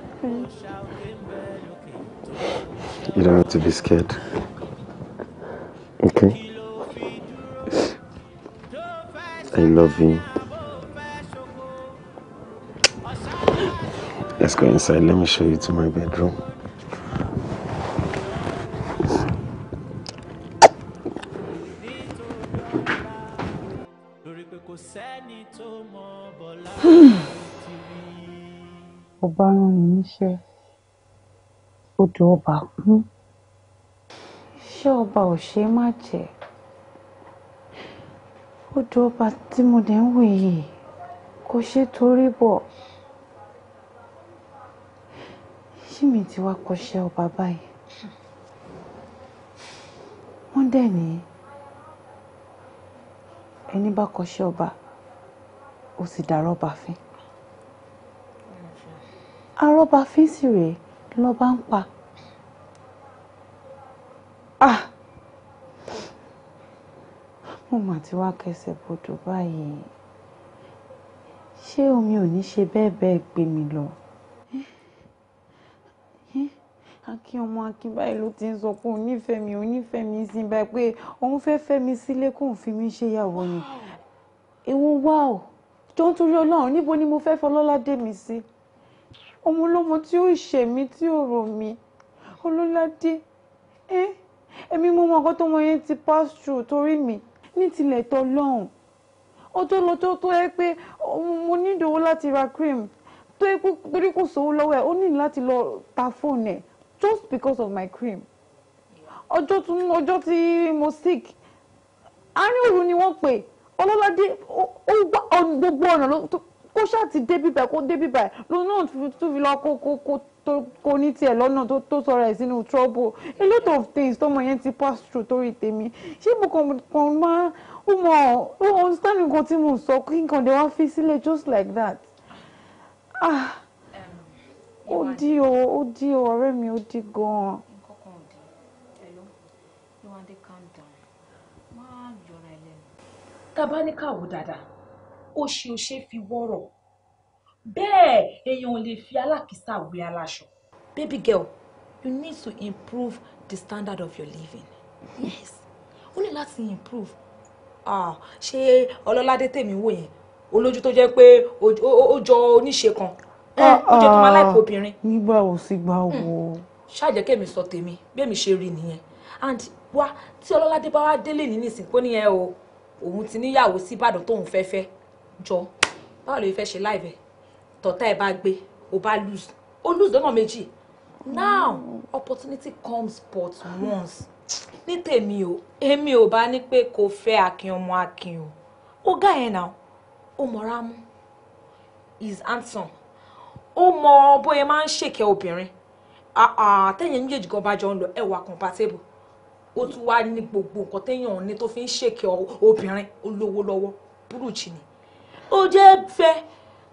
You don't have to be scared. Okay? I love you. Let's go inside. Let me show you to my bedroom. bá rán ni níṣẹ́ odò ọba kún iṣẹ́ ọba ò ṣe má jẹ́ odò ọba tí mo dẹ̀ ń wò yìí kò ṣe torí bọ̀ ṣí mi ti wá kọṣẹ́ ọba báyìí wọ́n dẹ̀ ní ẹni bá kọṣẹ́ ọba ó sì dàrọ́ ọba arọ́ba fíìsì rèé lọ́ba ń pa. Ah! mo mà ti wá kẹsẹ̀ bodò báyìí ṣé omi ò ní ṣe bẹ́ẹ̀ bẹ́ẹ̀ gbé mi lọ. akin ọmọ akin báyìí ló ti ń sọ pé onífẹ́ mi onífẹ́ mi sí báyìí pé òun fẹ́ fẹ́ mi sílé kóun fi mí ṣèyàwó ni. ewu wá o jọ́ ń torí ọlọ́run níbo ni mo fẹ́ fọlọ́lá dé mi sí. Si ọmọ ọlọ́mọ tí ó ṣe mí tí ó rò mí ọlọ́ládé ẹ ẹ̀mí mo mọ nǹkan tó mọ yẹn ti pass through torí mi ní tilẹ̀ tọ́ lọ́hùn ó tó lọ tó tó yẹ pé mo nídòwó láti ra cream tó yẹ pé torí kò sówó lọ́wọ́ ẹ̀ ó ní láti lọ ta fóònù ẹ̀ just because of my cream ọjọ́ tún ọjọ́ tí mo sick àárín òru ni wọ́n pè ọlọ́ládé ó gbá gbogbo ọ̀nà tó kó ṣáà ti dé bíbẹ̀ kó dé bíbẹ̀ lóun náà tún fi lọ kó kó kó tó kó ní tiẹ̀ lọ́nà tó sọ̀rọ̀ ẹ̀ sínú trouble a lot of things tọmọ yẹn ti pass through torí tèmi ṣé mo kàn kàn máa ó mọ ó understand nǹkan tí mo sọ kí nǹkan dé wá fi sílẹ̀ just like that ah ó di o ó di o ọ̀rẹ́ mi ó di gan-an. tá a bá ní káwọ́ dáadáa ó ṣe ó ṣe fi wọ́rọ̀ bẹ́ẹ̀ èèyàn ò lè fi alákìísà wé aláṣọ. baby girl you need to improve the standard of your living yes o ní láti improve ah, ṣé ọlọ́ládé tèmi wò yẹn olójú tó jẹ́ pé ó jọ oníṣe kan ó jẹ́ tó máa láìpẹ́ obìnrin. nígbà wo sígbà wo. Hmm. ṣáàjẹ́ kẹ́mi sọ tèmi bẹ́ẹ̀ mi ṣe rí nìyẹn and wá tí ọlọ́ládé bá wá délé ní nísìnyí pé nìyẹn o òun ti níyàwó síbàdàn tóun fẹ́ fẹ́ jọ báwo lè fẹ́ ṣe láìbẹ̀ tọ̀tá ẹ̀ bá gbé o bá lose o lose lọ́nà méjì now opportunity comes but once ní tèmi o èmi ò bá ní pé kò fẹ́ akin ọmọ akin o ó gà yẹn náà ó mọ̀ra mú is handsome ó mọ bóyá máa ń ṣèkẹ́ obìnrin àtẹ̀yìn méjèèjì gan bá jọ ń lọ ẹ wà compatible ó tún wá ní gbogbo nǹkan téèyàn ní tó fi ń ṣèkẹ́ obìnrin olówó lọ́wọ́ burújí ni ó jẹ́ fẹ́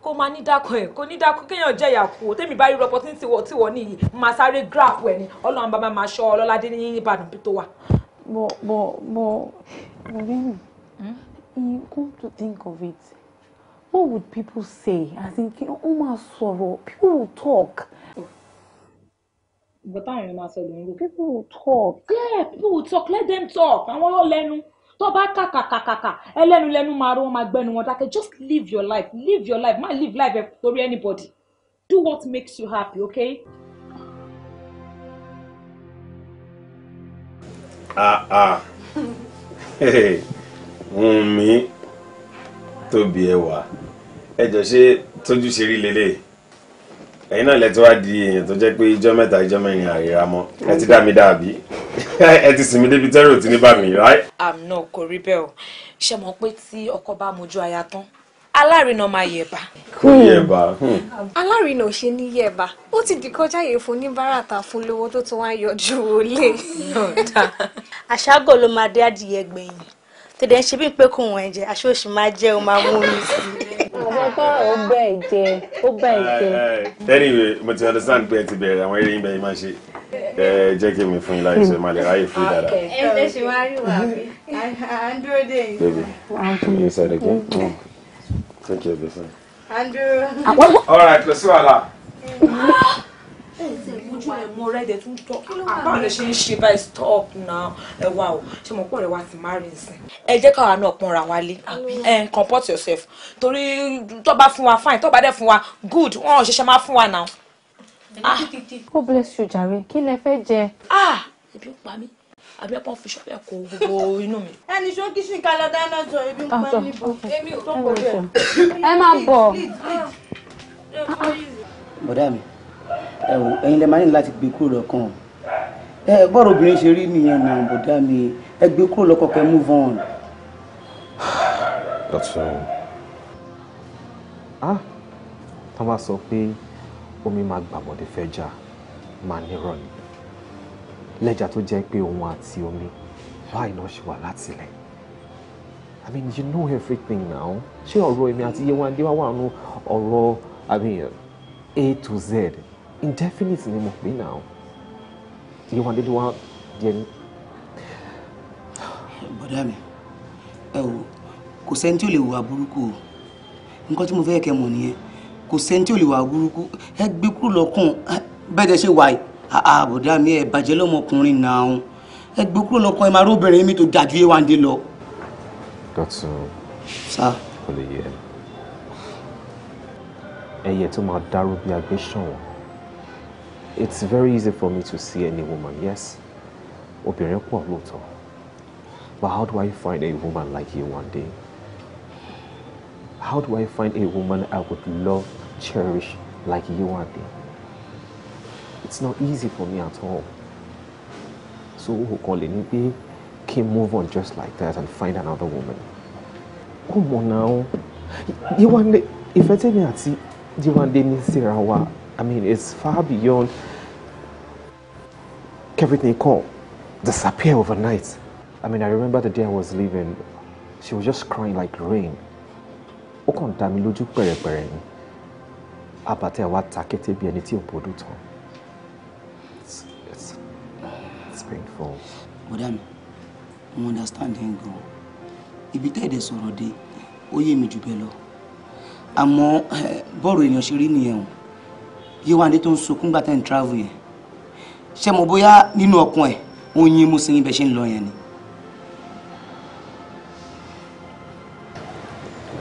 kó máa ní dákọ̀ ẹ̀ kó ní dákọ̀ kéèyàn jẹ́ ìyàkú tèmi bá rí rọpò tí ń tiwọ̀ tiwọ̀ nìyí máa sáré graph ẹ̀ ni ọlọ́run bá máa ṣọ́ ọlọ́ládé ní ìbàdàn tó wà. bọ bọ bọ Remi you come to think of it what would people say as in kí wọ́n máa sọ̀rọ̀ people will talk. ìgbà táwọn èèyàn máa sọ lóyún. people will talk. yeah people will talk let them talk àwọn ló lẹ́nu tó bá kàkàkàkàkà ẹlẹ́nu lẹ́nu máa rọ wọn máa wọn dákẹ́ just live your life live your life má live life ẹ torí anybody do what makes you happy okay. ah ah Wùnmí Tóbi ẹwà ẹ jọ ṣe tójú ṣe rí lélẹ́yìí ẹ̀yin náà lẹ́tọ́ wá di èèyàn tó jẹ́ pé ijọ́ mẹ́ta ijọ́ mẹ́rin àríra mọ́ ẹ ti dá mi dàbí [LAUGHS] ẹ ti sìn mí débi tẹ́rù tí ní bá mi ráì. àmọ́ kò rí bẹ́ẹ̀ o ṣe mọ̀ pé tí ọkọ bá mojú aya tán alárinà máa yẹ̀bà. kò yẹ̀bà. Hmm. alárinà ò ṣe ní yẹ̀bà ó ti di kọjá yìí fún oníbàárà fún lówó tó ti wá ń yọjú [LAUGHS] olè. àṣàgò ló máa dé adìyẹ gbẹ̀yìn tẹ̀dẹ̀ ń ṣe bí pé kò wọ́n ẹ̀ jẹ́ aṣọ́ọ̀ṣì anyway mo you understand pé ẹ ti bẹ̀rẹ̀ àwọn eré yín bẹ́ẹ̀ máa ṣe ẹ jẹ́ kí mi fún yín láìsọ máa lè ráyè fún yín dáadáa. ẹ ẹ ṣe wá rí wà bí à ń dúró dé yìí. baby come here side again take care of your son. à ń dúró. ọ̀rọ̀ àìkú sí wàhálà ojú ẹ̀ mọ ọ̀rẹ́ ẹ̀dẹ̀ tún tọ́ àbáwọn lè ṣe ń ṣe báyìí stop now ẹ wá o ṣe mọ̀ pọ̀ rẹ̀ wá ti máa rìn sí. ẹ jẹ́ káwa náà pọnra wa lé ah, comport yourself torí tó bá fún wa fine tó bá dẹ̀ fún wa good wọn ò ṣẹ̀ṣẹ̀ máa fún wa now. Ah. God bless you jàre kí lẹ fẹ́ jẹ. Ah! ebi ń pa mí àbí ẹ̀pọ̀ fi ṣọ́bẹ̀ kó gbogbo inú mi. ẹni ṣó kí ṣì ń ká lọ dáná jọ ebi ń pa mí níbo èmi ò tó kọ bẹ́ẹ̀. ẹ máa bọ̀. bọ̀dá mi ẹ wò ẹ̀yin lè máa ní láti gbé kúrò lọ́kàn ẹ bọ́ọ̀rọ̀ obìnrin ṣe rí nìyẹn náà bọ̀dá mi ẹ gbé kúrò lọ́kàn kẹ́ move on. dọ́tún [SIGHS] ah tá a bá sọ pé omi máa gbàbọ̀dé fẹ́ jà máa nírọ̀ ni lẹ́jà tó jẹ́ pé òun àti omi báyìí náà ṣe wà látìlẹ̀ I mean you know everything now ṣé ọ̀rọ̀ èmi àti Yewande wá wà nù ọ̀rọ̀ I mean A to Z indefinite ni mo pè náà ìwà dédé wa jẹ ní. bọ̀dá mi ẹ wò kò sẹ́ni tí ò lè wà burúkú o nǹkan tí mo fẹ́ kẹ́ mọ̀ nìyẹn kò sẹ́ni tí ò lè wà burúkú ẹ gbé kúrò lọ́kàn bẹ́ẹ̀ dẹ́ ṣe wà yìí àbọ̀dá mi ẹ bàjẹ́ lọ́mọkùnrin náà ẹ gbé kúrò lọ́kàn ẹ máa róbìnrin mi tó dájú yé wáńdé lọ. dọ́tún kò lè yẹ ẹyẹ tó máa dárú bí agbésàn wọn it's very easy for me to see any woman yes obìnrin pọ̀ lóòótọ́ but how do I find a woman like you one day how do I find a woman I would love cherish like you one day it's not easy for me at all so o kàn lè ní pé kí n move on just like that and find another woman ó mọ̀ náà ó Yéwándé ìfẹ́ tèmi àti Yéwándé ní síra wa. I mean, it's far beyond everything call disappear overnight. I mean, I remember the day I was leaving, she was just crying like rain. Ó kàn dá mi lójú pẹ̀rẹ̀pẹ̀rẹ̀ ni. Àbàtẹ́ àwa ta kété bí ẹni tí òpó It's, it's, it's painful. Madam, I'm, understanding. yín gan. Ibi tẹ́ ẹ̀dẹ̀ sọ̀rọ̀ dé, ó yé mi jù bẹ́ẹ̀ lọ. Àmọ́ bọ́ọ̀rù èèyàn ṣe rí nìyẹn o. Yéwándé tó ń sunkún gbà tẹ́ ń travel yẹn ṣé mo bóyá nínú ọkàn ẹ̀ òun yín mú sí bẹ́ ṣe ń lọ yẹn ni.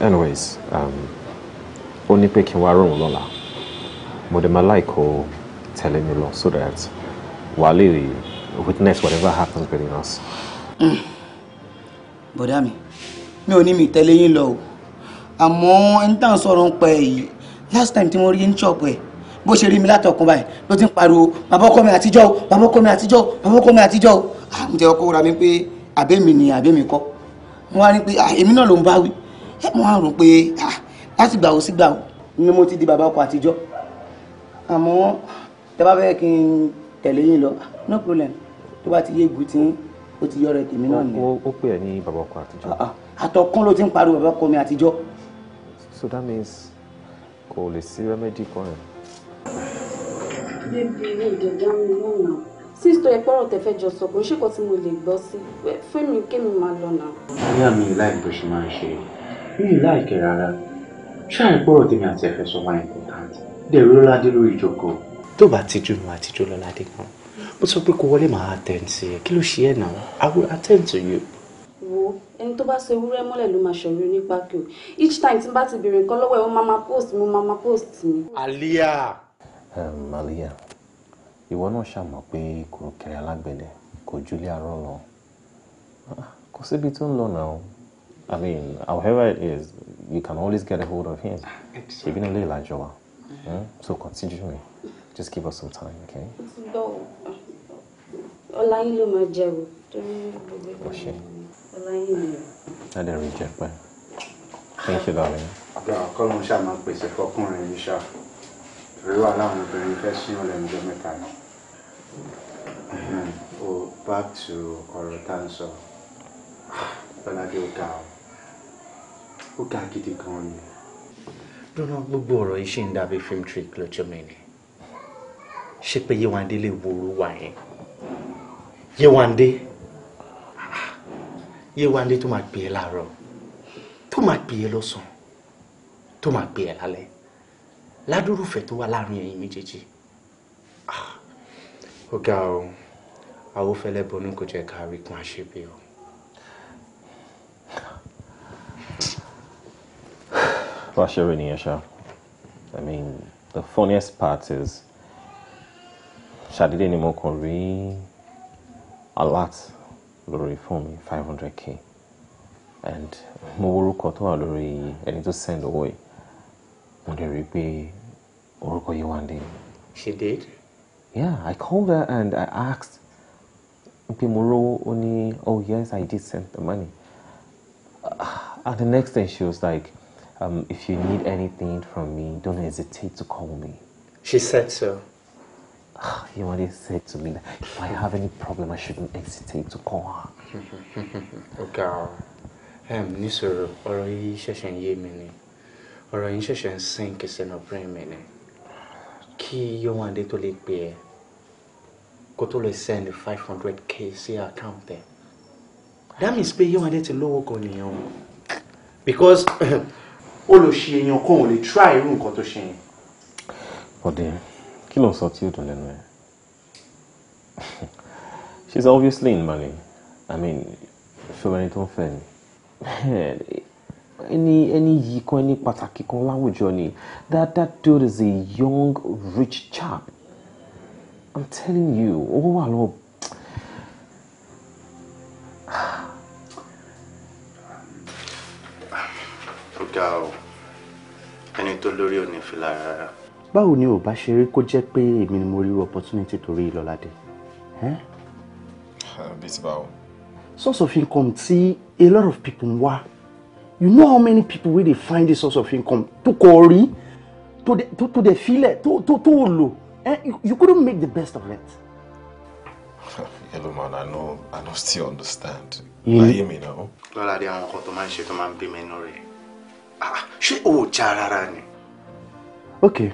anyways um, ó ní pé kí n wá rọrùn lọ́la mo dẹ̀ máa láì kó tẹ̀lé mi lọ so that wà á lè witness whatever happens between us. Mm. bọ̀dá mi mi ò ní mi tẹ̀lé yín lọ o àmọ́ ẹni tá à ń sọ̀rọ̀ ń pẹ́ yìí last time tí mo rí yín ní ṣọ́ọ̀bù ẹ̀ bó ṣe rí mi látọkùn báyìí ló ti ń pariwo bàbá ọkọ mi àtijọ́ o bàbá àwọn tẹ ọkọ ra mi pé àbẹ́mi ni àbẹ́mi kọ́ mo wá rí pé èmi náà ló ń bá wí ẹ mo wá rò pé láti gbà sí gbà ni mo ti di bàbá ọkọ àmọ́ tẹ bá kí n tẹ̀lé yín lọ no problem tó bá ti yé egbò tí ó ti yọrọ tèmi náà ni. ó pè é ní bàbá àtijọ́. àtọkùn ló ti ń pariwo bàbá àtijọ́. so that means kò lè sí rẹ́mẹ́dì kan rẹ̀ bíbí ìdẹ̀dá mi lọ́nà sísọ ẹ̀pọ́rọ̀ tẹ́fẹ́ jọ sọ kò ń ṣèkọ́ tí mo lè gbọ́ sí fẹ́mi kémi máa lọ́nà. ìyá mi láì bó ṣe máa ń ṣe mí láìkẹ́ rárá ṣáà ẹ̀pọ́rọ̀ tèmi àti ẹ̀fẹ́ sọ wá important dẹ̀rú lọ́ládé lórí ìjókòó. tó bá tijú mi àtijú lọ́ládé kan mo sọ pé kó wọlé máa attend sí kí ló ṣe ẹ náà I will attend to you wo ẹni tó bá so ewúrẹ́ mọ́lẹ̀ ló máa ṣọ̀rọ̀ ní pákó each time tí n bá ti bèrè nǹkan lọ́wọ́ ẹ̀ wọ́n máa ma post mo Maria, ìwọ náà ṣà mọ̀ pé kurukere alágbẹ̀dẹ kò júlé aró lọ. Ah, kò sí ibi tó ń lọ now. I mean, however it is, you can always get a hold of him. Ṣèbí nílé ìlàjọ wa. Hmm? So continue me. Just give us some time, okay? Ọláyín ló máa jẹ o, torí gbogbo ìgbà Ọláyín ni. Ẹ̀dẹ̀ rí jẹ pẹ́. Thank you, darling. Àgbà ọkọ ló pèsè fọkùnrin yìí ṣáà torí wà láwọn obìnrin fẹ́ sún ọ̀rẹ́ níjọ́ o back to ọ̀rọ̀ tá n sọ Bọ́ládé ó ga ọ ó ga gidi gan ni. dúró gbogbo ọ̀rọ̀ yìí ṣì ń dàbí film trick lọ́jọ́ mi ni ṣé pé Yéwándé lè wúru wà yẹn Yéwándé Yéwándé tó máa gbé e láàárọ̀ ládùrúfẹ́ tó wà láàrin ẹ̀yin méjèèjì ah, ó ga ọ àwòfẹ́lẹ́ bonú kò jẹ́ ká rí kún àṣebí o. bá ṣe nìyẹn ṣá I mean the funniest part is ṣàdédé ni mo kàn rí alert lórí fóònù mi five hundred k and mo wo orúkọ tó wà lórí ẹni tó send owó yìí. mo dẹ̀ rí i pé she did. yeah I called her and I asked pé mo oh yes I did send the money uh, and the next thing she was like um, if you need anything from me don't hesitate to call me. she said so. Ah, you already said to me that if I have any problem, I shouldn't hesitate to call her. [LAUGHS] Okay. um, ní sọ̀rọ̀ ọ̀rọ̀ yìí yé ọ̀rọ̀ yìí ṣẹ̀ṣẹ̀ ń sìn kì sínú brain mi ni kí Yéwándé tó lè pè ẹ́ kó tó lè send five hundred k sí account ẹ̀ that means pé Yéwándé ti lówó kan nìyẹn o because ó lọ ṣe èèyàn kó òun try irú nǹkan tó ṣe yẹn. Bọ̀dé kí ló ń sọ tí ó dùn lẹ́nu ẹ̀ [LAUGHS] she's obviously in money I mean ṣọlá ẹni tó ń fẹ́ ni. [LAUGHS] ẹni ẹni yìí kan ẹni pàtàkì kan láwùjọ ni that that dude is a young rich chap i'm telling you owó wà lọ. ọ̀gá o ẹni tó lórí ò ní fi lára rárá. báwo ni ò bá ṣe rí kó jẹ́ pé èmi ni mo rí opportunity torí ìlọ́ládé. bí ti bá o. source of income tí a lot of people ń wá you know how many people wey dey find this source of income tó kọ rí tó dẹ tó dẹ filẹ tó tó tó lò eh you, you couldn't make the best of it. yellow [LAUGHS] man i no i no still understand. Hear me now. lọ́la dé àwọn ọkọ tó máa ń ṣe tó máa ń bí mi inú rẹ̀ ah, ṣé o já rárá ni. okay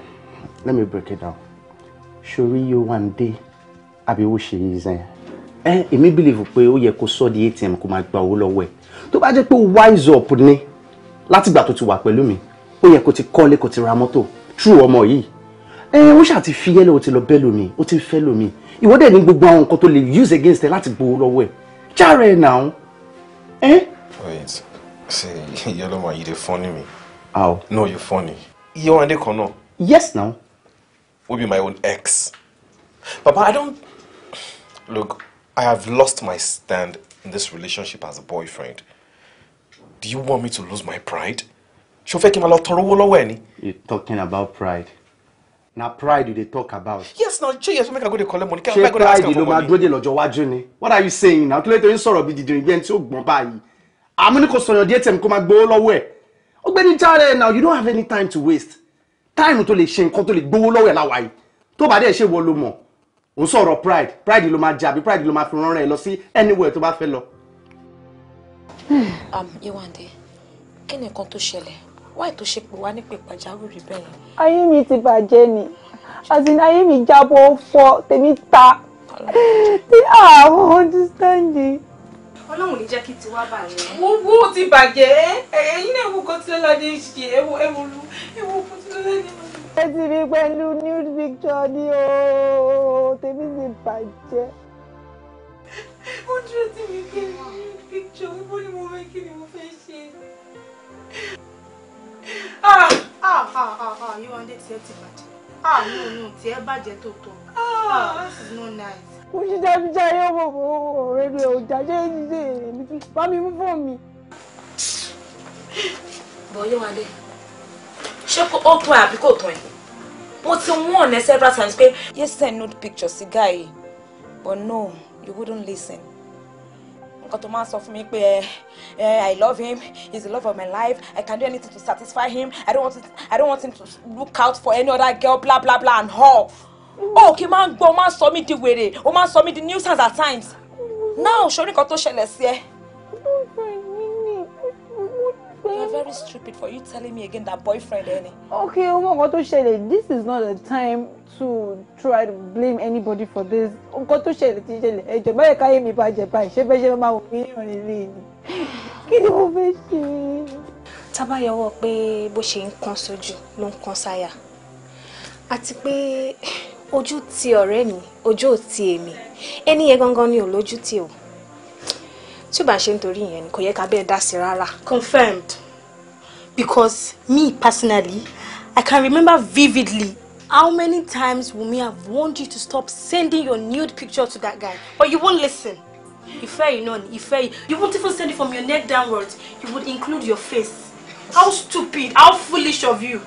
let me break it down ṣorí yóò wá ń dé àbí ó ṣe yìí zẹ́yìn ẹ eh, èmi believe pé ó yẹ kó sọ di atm kó máa gba owó lọ́wọ́ ẹ̀ tó bá jẹ́ pé wise up ni látìgbà tó ti wà pẹ̀lú mi ó yẹ kó ti kọ́lé kó ti ra mọ́tò true ọmọ yìí ẹ eh, ó ṣáà ti fi yẹ́lẹ̀ ó ti lọ bẹ́ lómi ó ti fẹ́ lómi ìwọ dẹ̀ ní gbogbo àwọn nǹkan tó lè use against ẹ láti gbowó lọ́wọ́ ẹ̀ jára ẹ̀ náà ẹ. Eh? wait ṣe yẹlọmọ yìí dey funny me. how. no you funny. iye wọn adé kan náà. yes now. will be my own ex. papa i don't look I have lost my stand in this relationship as a boyfriend. Do you want me to lose my pride? Ṣó You talking about pride. Now pride do they talk about. Yes na ṣé yẹn make a good dey collect money? Ṣé pride ló máa dóde lọ́jọ́ wájú ni? What are you saying na? Kílódé tó ń sọ̀rọ̀ bí dìdìrín bí ẹni tí ó gbọ́n báyìí. Àmì ni kò sọ̀yàn di ATM kó máa gbowó lọ́wọ́ ẹ̀. Ọ̀gbẹ́ni Jare now you don't have any time to waste. Time to lè ṣe nǹkan tó lè gbowó lọ́wọ́ ẹ̀ láwàá yìí. Tó bá dẹ̀ ṣe wọ ló mọ̀ ò ń sọ̀rọ̀ pride pride ló máa jẹ àbí pride ló máa fi rán rẹ̀ lọ sí anywhere tó bá fẹ́ lọ. Yéwándé hmm. um, kí ni nǹkan tó ṣẹlẹ̀ wáì tó ṣe pé wá nípe pàjáwìrì bẹ́ẹ̀. ayé mi ti bàjẹ́ ni àti ní ayé mi jábọ́ fọ́ tèmi ta tí àwọn understanding. ọlọ́run ní jẹ́ kí tiwa bàjẹ́. wúwú ti bàjẹ́ ẹ̀yin náà ewu kan tí lọ́ládé ń ṣe ewu ewu ewu kan tí lọ́ládé ń ṣe ẹ ti rí pẹ̀lú nude picture ni o tèmi ti bàjẹ́. ó dúró tì mí kí ni nude picture bó ni mo fẹ́ kí ni mo fẹ́ ṣe. ah ah ah ah ah yóò wáńdé tiẹ̀ ti bàjẹ́ ah no no tiẹ̀ bàjẹ́ tó tọ̀ ah, ah this is no nice. mo ṣiṣẹ́ mi jẹ́ ayé ọmọ mi ọ̀rẹ́ mi ò jáde ṣiṣẹ́ mi bá mi mú fún mi. bọ̀ yóò wáńdé ṣé ó tún àbí kò tún ẹ mo ti warn ẹ several times pé. yes send nude pictures. sí guy but no you wouldn't listen nǹkan tó máa sọ fún mi pé eh, eh, i love him he's the love of my life i can do anything to satisfy him i don't want him, i don't want him to look out for any other girl bla bla bla and all. ó oh, kì í máa ń gbọ́ ó máa ń sọ mí di wèrè ó máa ń sọ mí di nuisance at times. now ṣorí nǹkan tó ṣẹlẹ̀ sí ẹ you're very stupid for you telling me again that boyfriend any. Eh? Okay, ọmọ nǹkan tó ṣẹlẹ̀, this is not the time to try to blame anybody for this. Nǹkan tó ṣẹlẹ̀ ti ṣẹlẹ̀, ẹjọ́ báyìí káyé mi bàjẹ́ báyìí, ṣé bẹ́ẹ̀ ṣe máa wò mí ìrìn ilé ni? Kí ni mo fẹ́ ṣe? Tábáyọwọ́ pé bó ṣe ń kan sójú ló ń kan sáyà. Àti ti ọ̀rẹ́ mi, ojú ò ti èmi. Ẹni yẹn ni ò lójú ti o. Tí ò bá ṣe nítorí ìyẹn ni kò yẹ ká bẹ́ẹ̀ dá Confirmed because me personally i can remember vividly how many times Wunmi have warned you to stop sending your nude picture to that guy but you won't listen ìfẹ́ yìí náà ni you won't even send it from your neck downwards you would include your face how stupid how foolish of you.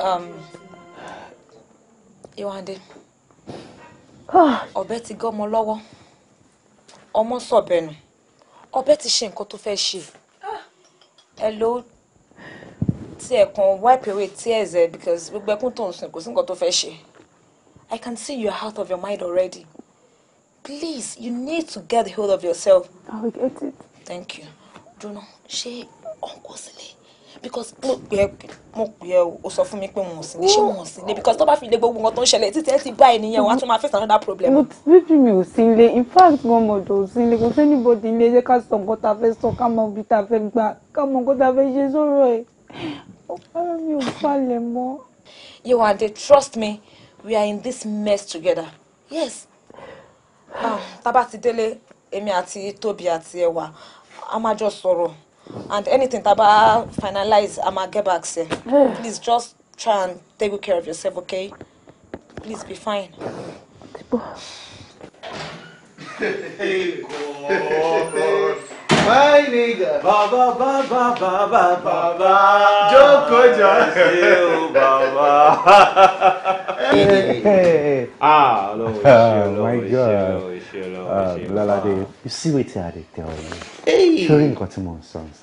um, Yewande ah. ọ̀bẹ ti gọ́ ọmọ lọ́wọ́ ọmọ sọ̀bẹ̀ nù ọbẹ ti ṣe nǹkan tó fẹ́ ṣe ẹ ló tiẹ̀ kan wipe away tears ẹ because gbogbo ẹkún tó ń sùn kò sí nǹkan tó fẹ́ ṣe I can see you are out of your mind already please you need to get hold of yourself. I will get it. Thank you. Dúnà ṣé Uncle sílẹ̀ because mo pè mo pè ẹ o sọ fún mi pé mo sì ní mo sì ní because tó bá fi lé gbogbo nǹkan tó ń ṣẹlẹ̀ títí ẹ ti bá ẹ nìyẹn wọn máa face another problem. mo ti bíbí mi ò sí ilé in fact mo mọ̀ tó sí le. kò sí anybody ilé jẹ́ ká sọ nǹkan tá a fẹ́ sọ ká mọ ibi tá a fẹ́ gbà ká mọ nǹkan tá a fẹ́ ṣe sọ̀rọ̀ ẹ̀ ọ̀pára mi ò falẹ̀ mọ́. you and they trust me we are in this mess together yes ah, tá a bá ti délé èmi àti Tóbi àti Ẹwà a máa jọ sọ̀rọ̀ and anything taba finalize ama get back sef eh. please just try and take good care of yourself okay please be fine. My nigga, baba baba baba baba, jókòó jọ sí o baba. [LAUGHS] hey. Ah, Lord, oh, my God. Ah, you see what I did tell you. Hey. Sure you got too much songs.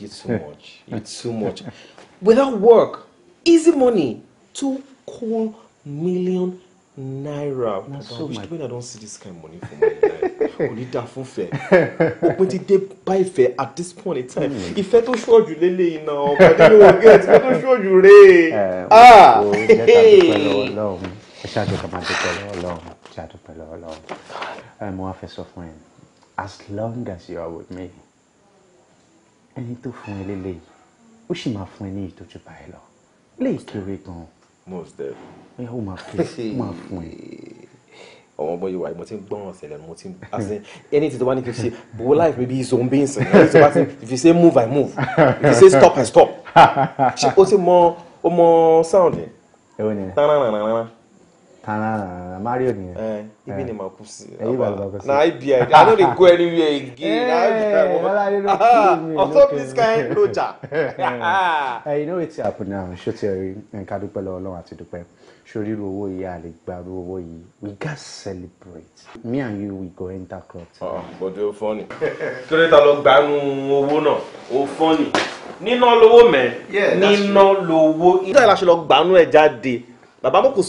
It's too much. It's too [LAUGHS] much. Without work, easy money, two cool million naira i wish the i don see this kind of money for my life [LAUGHS] kò ní dáa fún fẹ òpin ti dé bá ìfẹ́ at this point in time ìfẹ́ hmm. tó ṣọ́ọ̀jù lélẹ̀ iná ọmọ ìdílé wọn gẹ ìfẹ́ tó ṣọ́ọ̀jù rè é. Eh, o ah! jẹ́ ká dúpẹ́ lọ́wọ́ Ọlọ́run ẹ ṣáàjọ ká máa dúpẹ́ lọ́wọ́ Ọlọ́run ṣáà dúpẹ́ lọ́wọ́ Ọlọ́run eh, mo wá fẹ́ sọ fún ẹ as long as you are with me ẹni tó fún ẹ lélẹ̀ yìí ó sì máa fún ẹ ní ìtọ́jú báyìí lọ lè kéré gan-an. most definitely ẹ ó máa fún ẹ [LAUGHS] ó máa fún ẹ. ọmọ ọmọ yorùbá mo ti ń gbọ́ràn sílẹ̀ mo ti ń as anything tó bá ní kí n life maybe is on being. and anything tó bá ti if you say move i move if you say stop i stop ṣe o ti mọ o mọ sound yẹn. ẹ wọ́n yẹn. tananana tananana mario nìyẹn. ibi ni màá kú sí. ẹyí bá lọ kọ sí. na ibi i i no dey go anywhere again. ọ̀tọ̀ please kind closure. you know wetin happen now ṣó ti rí nǹkan dúpẹ́ lọ́wọ́ ọlọ́run àti dúpẹ́. Surely, owó yìí a lè gba owó yìí we gats celebrate me and you we go enter club. bọ̀dé ó fọ́ọ̀nì kí ló ta lọ gbanú owó náà ó fọ́ọ̀nì níná lówó mẹ́ níná lówó. nígbà yẹn la ṣe lọ gbanú ẹ̀ jáde bàbá mo kò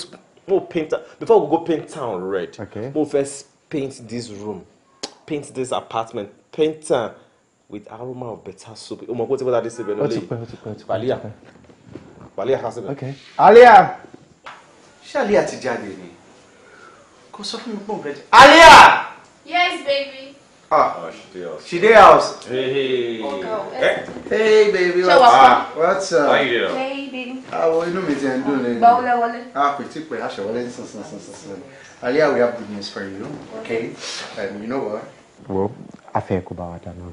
mo paint before we go paint town red okay. mo first paint this room paint this apartment paint am with aroma of better soup. o mọ̀ kó tí wọ́n dá dé síbẹ̀ lọ́lẹ́ yìí. ó ti pẹ́ ó ti pẹ́ ó ti pẹ́. wàlíà wàlíà ká síbẹ̀. okay. alia ṣé àlíyà ti jáde ni kò sọ fún mi pé òun fẹ́ yes baby. Ah, oh, she did house. She did house. Hey, hey, oh, hey. Hey, eh? Eh. baby. What's up? Ah, what's up? How you doing? Hey, baby. Àwọn inú mi ti ń dùn lẹ́yìn. Báwo lẹ wọlé? A ah, kò tí ì pé aṣọ wọlé ní sísan sísan sísan. Aliya, we have good news for you. Okay? Um, you know what? Wo, a fẹ́ kó bá wa dáná o.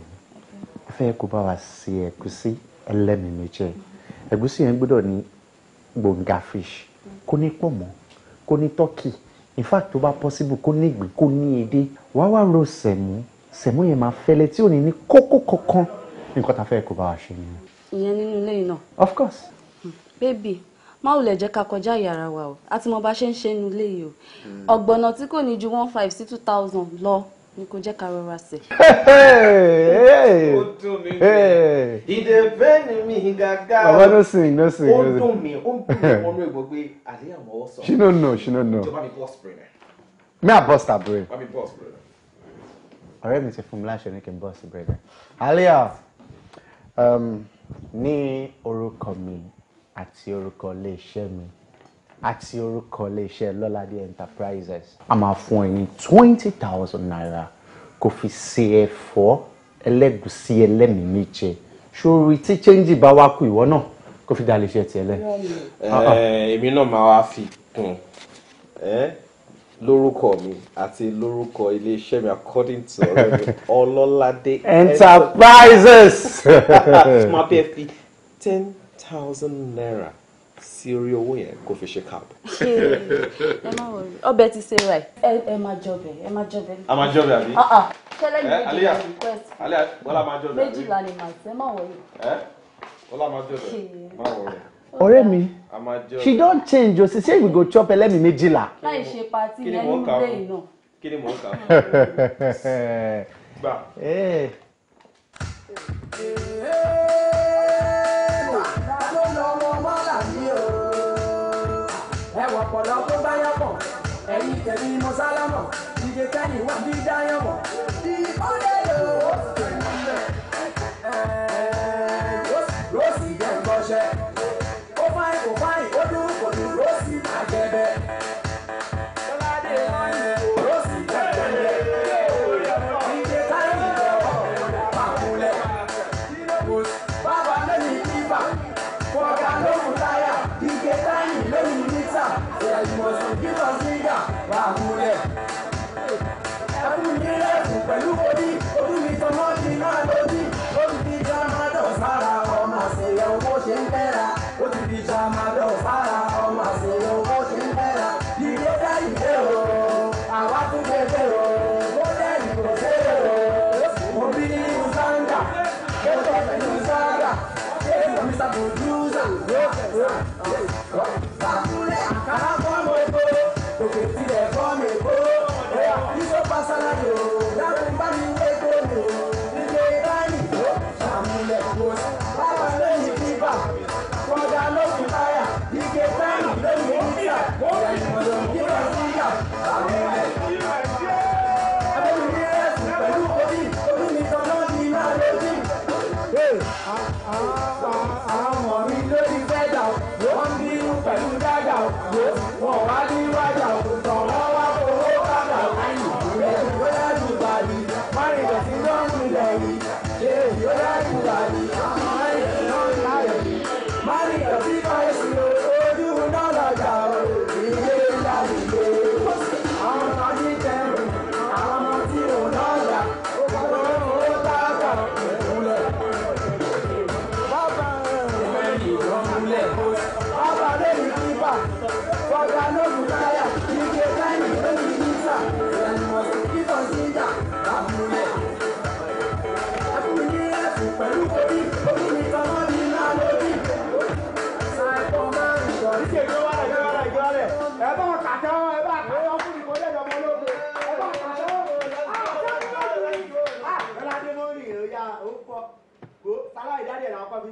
A fẹ́ kó bá wa ṣe ẹ̀gúsí ẹlẹ́mìí méjì. Ẹ̀gúsí yẹn gbọ́dọ̀ ní gbòǹga fish kó ní pọ̀mọ́ kó ní tọ́kì in fact tó bá possible kó ní ìgbín kó ní edé wàá wá ro sẹ̀mú sẹ̀mú yẹn máa fẹ́lẹ́ tí ò ní ní kókó kankan nǹkan tá a fẹ́ kó bá wa ṣe nìyẹn. ìyẹn nínú ilé yìí náà. of course. Hmm. bébì má ò jẹ́ ká kọjá ìyàrá wa o àti mo bá ṣe ń ṣe nínú ilé yìí o hmm. ọ̀gbọ̀nà tí kò ní ju one five sí two thousand lọ ni kò jẹ́ ká rọra sẹ̀. ó ìdè bẹ́ẹ̀ni mi gàgà ó bàbá no sing sing ó dùn mí ọmọ [LAUGHS] ìbò pé àlẹ́ àwọn ọ̀sán. she no know she no know. ìjọba mi bọ́ọ̀sì bẹ̀rẹ̀. mi à bọ́ọ̀sì àbúrò. brain. á mi bọ́ọ̀sì bẹ̀rẹ̀. ọ̀rẹ́ mi ti fún mi láṣẹ ní kí n bọ́ọ̀sì bẹ̀rẹ̀. àlẹ́yà ní orúkọ mi àti orúkọ iléeṣẹ́ mi àti orúkọ iléeṣẹ́ lọ́ládé enterprises a máa fún ẹ̀yin twenty thousand naira kò fi ṣe ẹ̀fọ́ ẹlẹ́gùsí ẹlẹ́mìí méje sórí tí chẹ́ńjì bá wá kú ìwọ náà kó fi dalẹ̀ iṣẹ́ tiẹ̀ lẹ̀. Ah, ah. èmi náà máa wá fi kún lórúkọ mi àti lórúkọ iléeṣẹ́ mi according to ọ̀rẹ́ mi [LAUGHS] ọlọ́ládé enterprises. [LAUGHS] máa bẹ́ẹ̀ ten thousand naira sí orí owó yẹn kó fi ṣe cap. ṣe ẹ má wọlé ọbẹ̀ ti ṣe rẹ̀ ẹ má jọbẹ̀ ẹ má jọbẹ̀. a má jọbẹ̀ àbí. ṣẹlẹ̀ ní méjìlá request. alẹ́ bọ́lá má jọbẹ̀ àbí. méjìlá ni màá ṣe má wọlé. a má jọbẹ̀ má wọlé. ọ̀rẹ́ mi she don change o say we go chop ẹlẹ́mìí méjìlá. láì ṣe pati yẹn ní ilé iná. kí ni mò ń kà á. [LAUGHS] gbà. Eh. Eh, eh, ẹwà pọ̀lọ́ tó bá yàn pọ̀ ẹ̀yìn tẹ̀lé mọ́sálámọ̀ ìdè kẹ́yìn wà ní dáyàn mọ̀. ìkọ́lẹ̀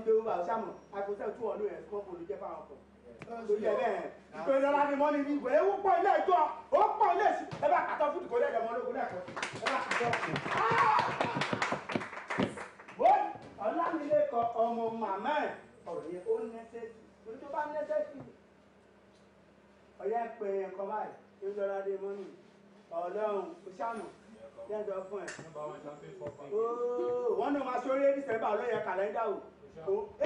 gbé wúwa ṣàmù àkóso tu hundred yẹn kọ́ fún olùjẹ́ fáwọn ọkọ̀ lórí ẹ̀ bẹ́ẹ̀ ìpè ìjọba ni mọ́ni ní ìwé ewu pọ̀ ilé ẹjọ́ ó pọ̀ ilé ẹ̀sìn ẹ bá kàtọ́ fún ìkọ́lé ẹ̀jẹ̀ mọ́ lókun lẹ́kọ̀ọ́ ẹ bá kàtọ́. ọlámilékọ ọmọ màmá ẹ ọ̀rọ̀ yẹn ó nẹ́sẹ̀sì torí tó bá nẹ́sẹ̀sì ọ̀yẹ́ pé ẹ̀kọ́ báyìí ìjọba ni mọ́ni ọlọ́run ṣàmù yẹn jọ fún ẹ. wọ́n ní wọn aṣọ eré dísẹ́mbà ló yẹ kàlẹ́ńdà o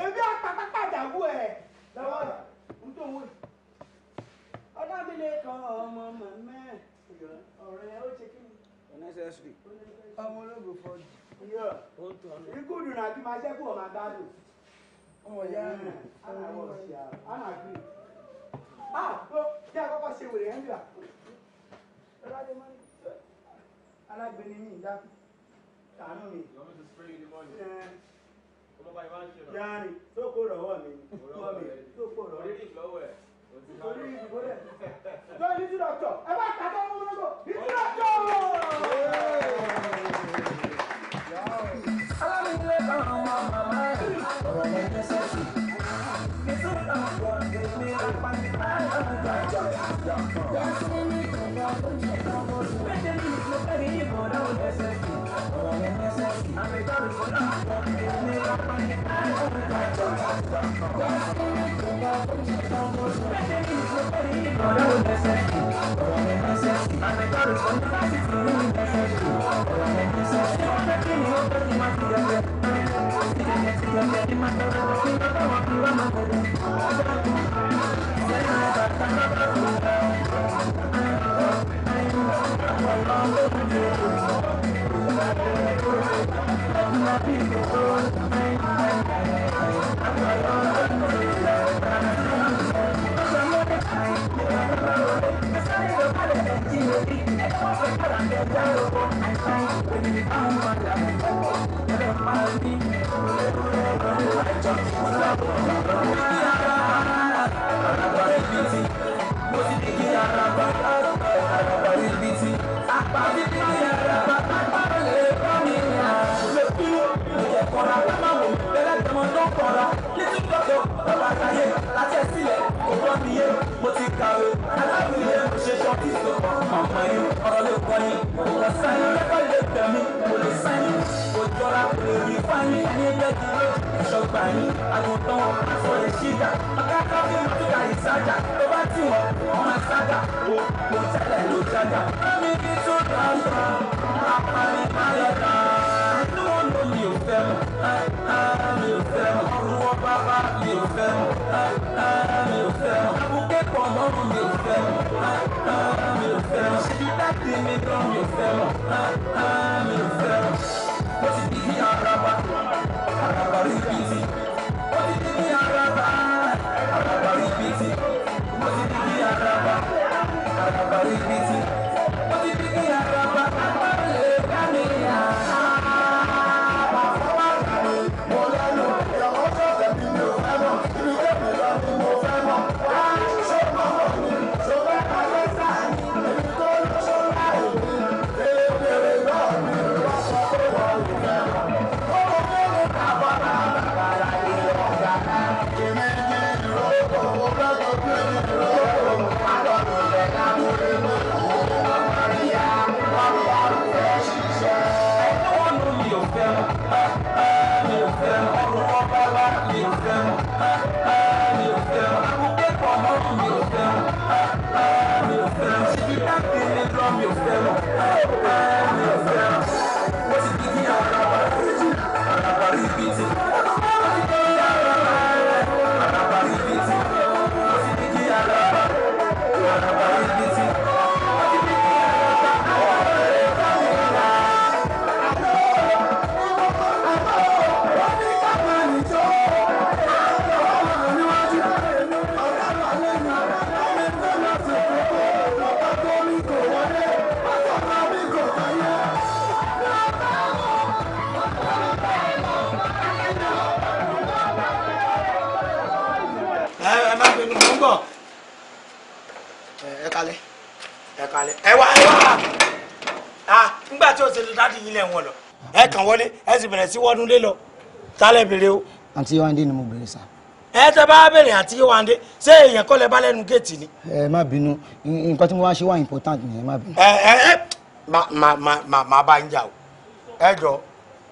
ebi apapapadawu ẹ lọ́wọ́ rẹ n tó wọ ọdọ mi lè kọ ọmọ màmá ẹ ọ̀rẹ́ ó ṣe kí ni. unnecessary. ọmọ ológun fọdù. ikú dùnà àti máa ṣẹ́kù ọ̀ma gbádùn. ọmọ ìyá rẹ̀ àwọn ọ̀ṣìà àná àgbè. a tó kí akọ́kọ́ ṣe wèrè ẹ̀ ń gbà. alágbèéní mi dákú. tàánú mi yaari tó kó lọ́wọ́ mi lọ́wọ́ mi tó kó lọ́wọ́ mi torí ìdìbò rẹ̀ tó ní tí dọ̀tọ̀ ẹ bá ta tó mú lọ́gbọ̀ ìdí dọ̀tọ̀ alámìlẹ kan ọmọ màmá ẹ ọ̀rọ̀ yẹn lẹ́sẹ̀ sí i tó náà wọ èmi lápá mi alámìlẹ kan yàtọ̀ yàtọ̀ mi kò lọ bójú ẹ lọ bójú méje mi ló fẹ́ mi ìbọn náà lẹ́sẹ̀ sí i. I'm I'm not ká o aláwìyé mo ṣe sọ kí so ọmọ yìí ọ̀rọ̀ lè kọ́ ni ọ̀rọ̀ sáyé lẹ́kọ̀ọ́ lè tẹ̀ mí mo lè sáyé kò jọra kò lè rí fáyé ẹni bẹ́ẹ̀ ti ló ìṣọ̀gbà yín àgùntàn aṣọ lè ṣíjà ọ̀kẹ́kọ̀ọ́ fi mọ́tò ká ìsájà tó bá tì wọ́n ọmọ sájà o mo tẹ́lẹ̀ ló jájà. lómi bí tó dá sọ apani ayọ̀dá inú ọ̀nà mi ò fẹ́ mọ̀ mi ò fẹ́ mọ̀ ọ̀rùn wọn bá bá mi ò fẹ́ mọ̀. ọlọ́run mi ò fẹ́ràn mi ò fẹ́ràn ṣe bí bá ti mi lọ́run ẹ kalẹ̀ ẹ wá ẹ wá ah nígbà tí o ṣe dáàdi yín lẹ̀ wọ́n lọ ẹ kàn wọlé ẹ sì bẹ̀rẹ̀ sí wọ́dún lé lọ tálẹ̀ bèrè o. àǹtí wáńdé ni mo bèrè sá. ẹ tẹ bá bèrè àǹtí wáńdé ṣé èèyàn kọ́ lẹ bá lẹ́nu géètì ni. ẹ má bínú nǹkan tí mo wá ṣe wá important ni ẹ má bínú. ẹ ẹ ẹ má má má má bá ń jà o ẹ jọ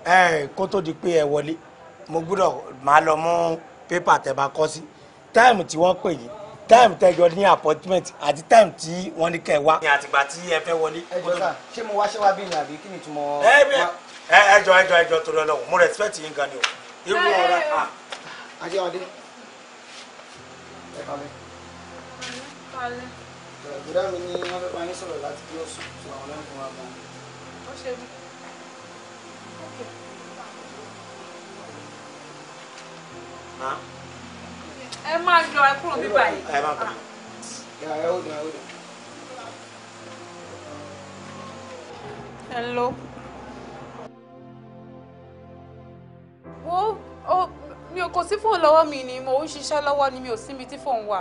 ẹ kó tó di pé ẹ wọlé mo gbúdọ̀ máa lọ mú pépà tẹ bá kọ́ sí táìmù tí wọ́n pè yìí time tẹjọ ní appointment àti time tí wọ́n ní kẹ́ wá. ní àtìgbà tí ẹ fẹ́ wọlé. ẹ jọ sá ṣé mo wá ṣé wá bí ni àbí kí ni túmọ̀. ẹ ẹ jọ ẹ jọ ẹ jọ torí Ọlọ́run mo respect yín gan ni o irú ọ̀rẹ́ à. Adéwádé ẹ kalẹ̀. kalẹ̀. ìgbàgbọ́dá mi ni wọ́n fẹ́ bá yín sọ̀rọ̀ láti bí oṣù tí àwọn ọlọ́run fún wa gan. ó ṣe bí. Huh? ẹ máa yọ ẹ kúrò bíbá yìí. ẹ máa bọ̀ ẹ ó dùn ẹ ó dùn. hello. wo o mi ò kò sí fóònù lọ́wọ́ mi ni mo ń ṣiṣẹ́ lọ́wọ́ ni mi ò síbi tí fóònù wà.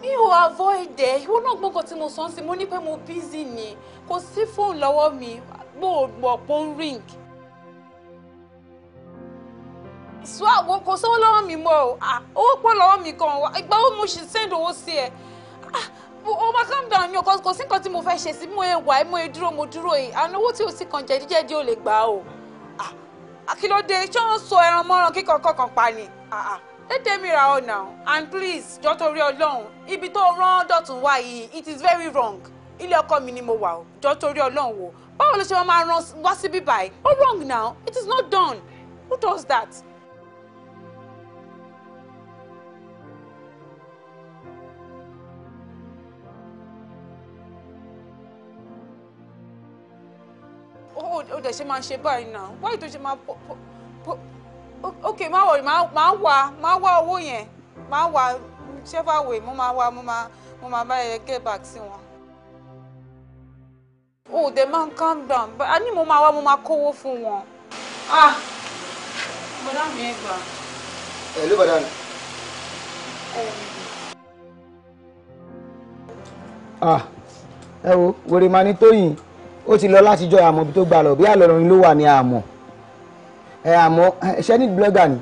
mi ò avoid ẹ ìwọ náà gbọ́ngàn tí mo sọ ń sin mo ní pé mo busy ni kò sí fóònù lọ́wọ́ mi mo gbọ́ pé ring. So àwọn ah, kan sọ́wọ́ lọ́wọ́ mi mọ́ o ah, owó pọ̀ lọ́wọ́ mi gan wa ìgbà wo mo ṣe send owó sí ẹ ah, o ma calm down mi o kò sí nǹkan tí mo fẹ́ ṣe sí mo ẹ wà mo ẹ dúró mo dúró yìí àná owó tí o sì kàn jẹ̀díjẹ̀dí ò lè gbà o àkìlódé ṣé wọ́n so ẹran mọ́ràn kíkan kọ̀ọ̀kan pa ni tètè mi ra ọ now and please jọ torí ọlọ́run ibi tó rán dọ̀tún wá yìí it is very wrong ilé ọkọ mi ni mo wà o jọ torí ọlọ́run o báwo ló ṣe máa rán wá síbí báyìí ó wrong now it is not done who does that. ó dẹ̀ ṣe máa ṣe báyìí náà wáyé tó ṣe máa pọ̀ pọ̀ ok má wọ̀ máa wá máa wá owó yẹn máa wá ṣẹ́fà wèé mo máa wá mo máa mo máa bá ẹ get back sí wọn. o ò dẹ̀ máa ń calm down a ní mo máa wá mo máa kówó fún wọn. ah bọ́dá mi ẹ̀ gbà. ẹ ló bàdá mi. ah ẹ wo wèrè màá ní tóyìn ó ti lọ látijọ́ àmọ́ ibi tó gbà lọ bí àlọ́rin ló wà ní àmọ́ ẹ àmọ́ ṣẹ́ ní blọ́gà ni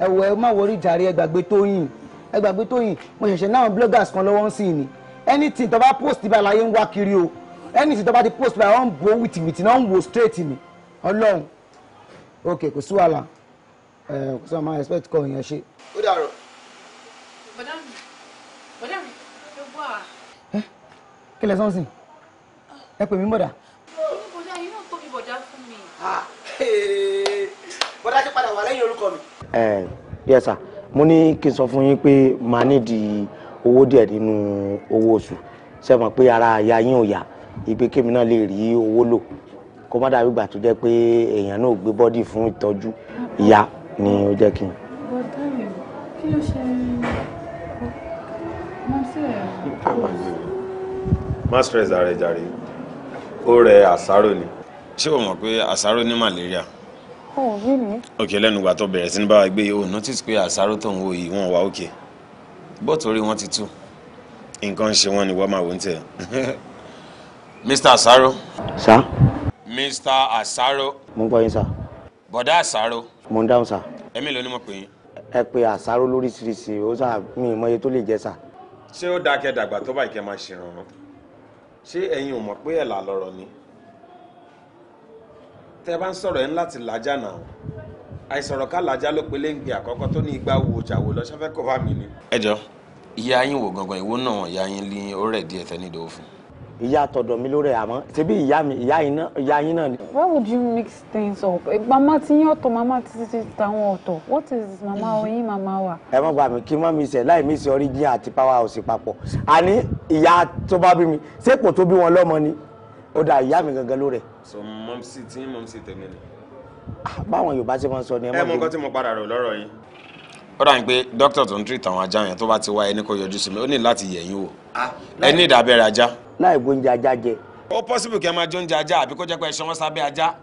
ẹ wọ ẹ má wọrí jàre ẹ gbàgbé Tóyìn ẹ gbàgbé Tóyìn mo ṣẹ̀ṣẹ̀ náà bloggers kan lọ́wọ́ ń sìn ni anything tó bá post bá láyé ń wá kiri o anything tó bá ti post bá ọ̀ ń bo wìtìwìtì náà ń wo straight ni ọlọ́run ok kò sí wàhálà ẹ kò sí wàhálà expect kọ ìyẹn ṣe. ó dàrọ̀. bọ̀dá mi bọ̀dá mi ló gbọ́ à. ẹ kí lẹ sọ́nsìn ẹ pè mí bọ̀dà. bọ̀dà yìí náà tóbi bọ̀dà fún mi. bọ̀dà ti padà wà lẹ́yìn orúkọ mi. ẹ yes sir mo ní kí n sọ fún yín pé màá nídìí owó díẹ̀ nínú owó oṣù ṣe mọ̀ pé ara ìyá yín ò yá ìgbé kémi náà lè rí owó lò kó má dàbí ìgbà tó jẹ́ pé èèyàn náà gbé bọ́dì fún ìtọ́jú ìyá ni ó jẹ́ kí n. bọ̀dà mi kí ló ṣe máa ń ṣe. má stress ara ẹ jàre ó rẹ àṣàrò ni ṣé o mọ̀ pé àṣàrò ní malaria. oh really. òkè lẹ́nu ìgbà tó bẹ̀rẹ̀ sí ní báwa gbé o notice pé àṣàrò tó ń wo yìí wọ́n wà òkè bọ́ọ̀tù orí wọn ti tú nǹkan ń ṣe wọn ni wọ́n máa wò ń tẹ̀. [LAUGHS] mr àṣàrò. sá. mr àṣàrò. mo ń gbọ́ yín sá. bọ̀dá àṣàrò. mo ń dáhùn sá. ẹ̀mí ló ní mo pè yín. ẹ pe àṣàrò lóríṣiríṣi ó sà mí ìmọye tó lè jẹ sà. ṣé ó dáa kẹ́ dàgbà tó báyìí kẹ́ máa ṣèrànràn ṣé ẹ̀yin ò mọ̀ pé ẹ̀là lọ̀rọ̀ ni tẹ́ ẹ bá ń sọ̀rọ̀ ẹ̀ ń láti làjà náà àìsọ̀rọ̀ ká làjà ló pe léǹgbè àkọ́kọ́ tó ní igba wo òjàwò lọ ṣẹ́fẹ́ kọ́ bá mi ni. ẹ jọ ìyá yín wò gangan ìwọ náà ìyá yín ní ó rẹ̀ díẹ̀ tẹ́ nídòó fún un ìyá tọ̀dọ̀ mi lórí àmọ́ ṣebí ìyá mi ìyá iná ìyá yín náà ni. why would you mix things up eh, mama ti yín ọ̀tọ̀ mama ti ti tàwọn ọ̀tọ̀ what is mama oyin mama wa. ẹ má gbà mí kí má mi sẹ láì mí sẹ origin àti power house papọ̀ àní ìyá tó bá bí mi ṣé kò tó bí wọn lọ́mọ ni ó dà ìyá mi gangan ló rẹ̀. so mọ́mísì tí mọ́mísì tẹ̀mí ni. Ah, báwọn yorùbá ṣe máa ń sọ ni ẹ mọ́ bí. ẹ mọ nǹkan tí mo padà rò lọ́rọ̀ yín. ó dà ní pé dókítà tó ń tírì tàwọn ajá yẹn tó bá ti wá ẹni kó yọjú sí mi ó ní láti yẹ̀yìn wò ah, ẹ ìdábẹ́rẹ́ ajá láì gbóúnjẹ ajá jẹ. ó possible kí ẹ máa jóúnjẹ ajá àbí kó jẹ́ pé ẹ ṣe wọ́n sábẹ́ ajá.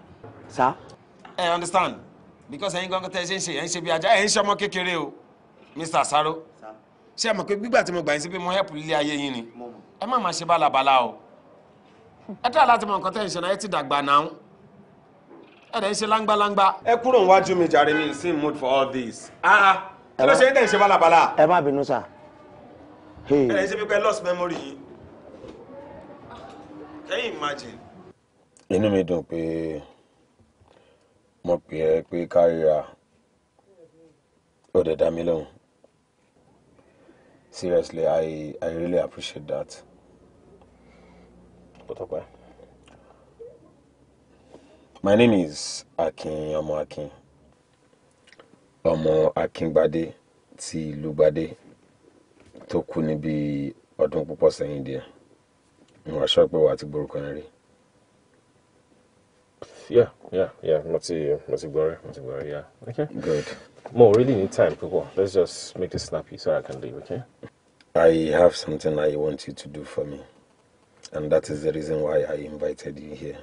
sá. ẹ understand because ẹ̀yin gangan tẹ ẹ ṣe ń ṣe ẹ ń ṣe bí ajá ẹ ń ṣe ọmọ kékeré o Mr. Saro ṣé ẹ mọ̀ pé gbígbà tí mo gbà yín sí pé mo help lílé ayé yín ni ẹ má máa ṣe bálabàla o ẹ tẹ́ láti mọ nǹkan tẹ́ ń ṣe náà ẹ ti dàgbà náà ẹ dẹ̀ ń ṣe láńgbáláńgbá. ẹ kúrò níwájú mi jàre mi sí mood for all this. Ah, ah. ẹ lọ ṣe é dẹ̀ ń ṣe bálabàla. ẹ má bínú sà. ẹ dẹ̀ ń ṣe pípẹ́ lost memory yìí can you imagine. inú mi dùn pé mo pè ẹ́ pé káríra ó dẹ̀ dá mi lóhùn seriously i i really appreciate that. Otope. My name is Akin Ọmọ Akin. Ọmọ Akíngbadé ti ìlú Gbadé tó kú níbi ọdún púpọ̀ sẹ́yìn díẹ̀ mo wà sọ pé wà á ti gbórúkọ yẹn rí. yeah yeah yeah mo ti mo ti gbọ́ rẹ mo ti gbọ́ rẹ yeah okay. good. mo really need time púpọ̀ let's just make this snappy so I can leave okay. I have something I want you to do for me and that is the reason why I invited you here.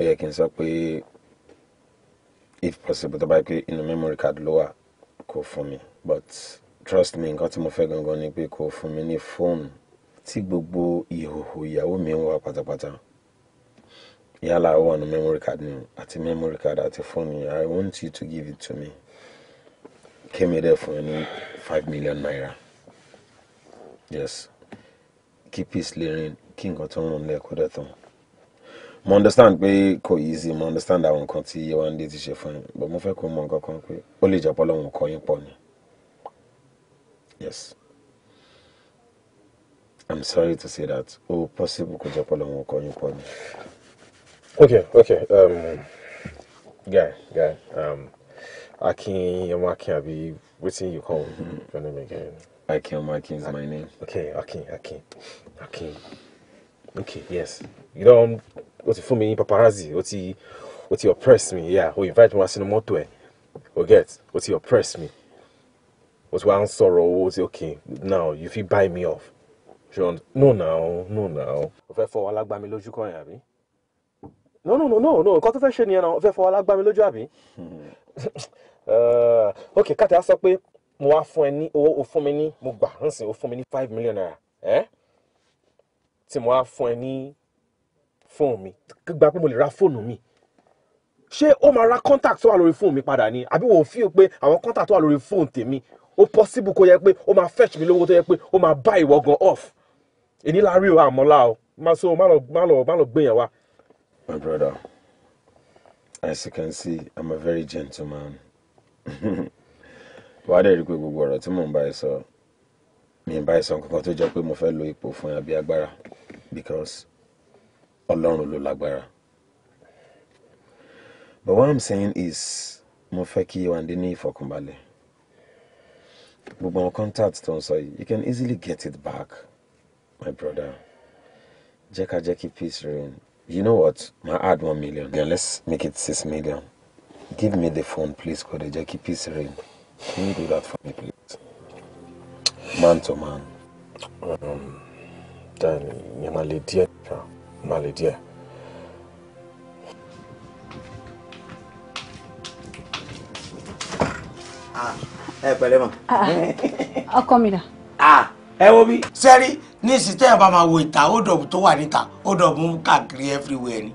ó yẹ kí n sọ pé if possible tó bá yẹ pé inú memory card ló wà kó fún mi but trust me nǹkan tí mo fẹ́ gangan ni pé kó fún mi ní fóònù tí gbogbo ìhòòhò ìyàwó mi ń wá pátápátá yálà ó wà ní memory card ni àti memory card àti fóònù i want you to give it to me kémi dẹ̀ fún ẹ ní five million naira yes kí peace lè rìn kí nǹkan tó ń rún lẹ́ẹ̀kọ́ dẹ̀ tán mo understand pé kò easy mo understand àwọn nǹkan tí Yéwándé ti ṣe fún yín but mo fẹ́ kó mọ nǹkan kan pé ó lè jẹ́ pé kọ́ yín pọ̀ ni yes. I'm sorry to say that Oh, possible could you pọ́lọ́ wọn kọ́ okay okay um, guy guy um, akin ọmọ akin be waiting you call your name again. akin ọmọ akin is my name. okay akin akin akin okay yes you don o um, ti for me? paparazzi o ti o ti oppress me yeah Who invite me to sínú mọ́tò ẹ̀ o get o ti oppress me What's ti wá ń sọ̀rọ̀ o okay now you fit buy me off ṣùgbọ́n no now no now. o fẹ́ fọ alágbá mi lójú kan yẹn àbí. no no no no no nǹkan tó fẹ́ ṣe nìyẹn náà o fẹ́ fọ alágbá mi lójú àbí. Hmm. [LAUGHS] Uh, ok káàtì á sọ pé mo wá fún ẹ ní owó o fún mi ní mo gbà ń sìn o fún mi ní five million naira ẹ tí mo wá fún ẹ ní fóònù mi gba pé mo lè ra fóònù mi ṣé ó máa ra contact tó wà lórí fóònù mi padà ni àbí wò ó fi pé àwọn contact tó wà lórí fóònù tèmi ó possible kó yẹ pé ó máa fetch mi lówó tó yẹ pé ó máa buy ìwọ gan off èyí la rí o àmọ́lá o má so má lọ má lọ má lọ gbìyàn wa. my brother as you can see i'm a very gentleman [LAUGHS] wàá dẹ̀ rí i pé gbogbo ọ̀rọ̀ tí mò ń bá ẹ sọ mi ń bá ẹ sọ nǹkan tó jẹ́ pé mo fẹ́ lo ipò fún ẹ bí agbára because ọlọ́run ló lágbára but what i'm saying is mo fẹ́ kí wàndé ní ìfọkànbalẹ̀ gbogbo àwọn contact tó ń sọ yìí you can easily get it back my brother jẹ́ka jẹ́ kí peace reign you know what My add one million then let's make it six million give me the phone please Call the jẹ́ kí peace reign can you do that for me please man to man. Um, then you're my lady. My lady. Ah. le eh, díẹ̀. Ah. pẹ̀lẹ́ ah. mọ. ọkọ mi dà. Ah, ẹ wo bí ní ìsìtẹ́ ẹ̀ bá máa wo ìta ódọ̀bù tó wà níta ódọ̀bù ń káàkiri everywhere ni.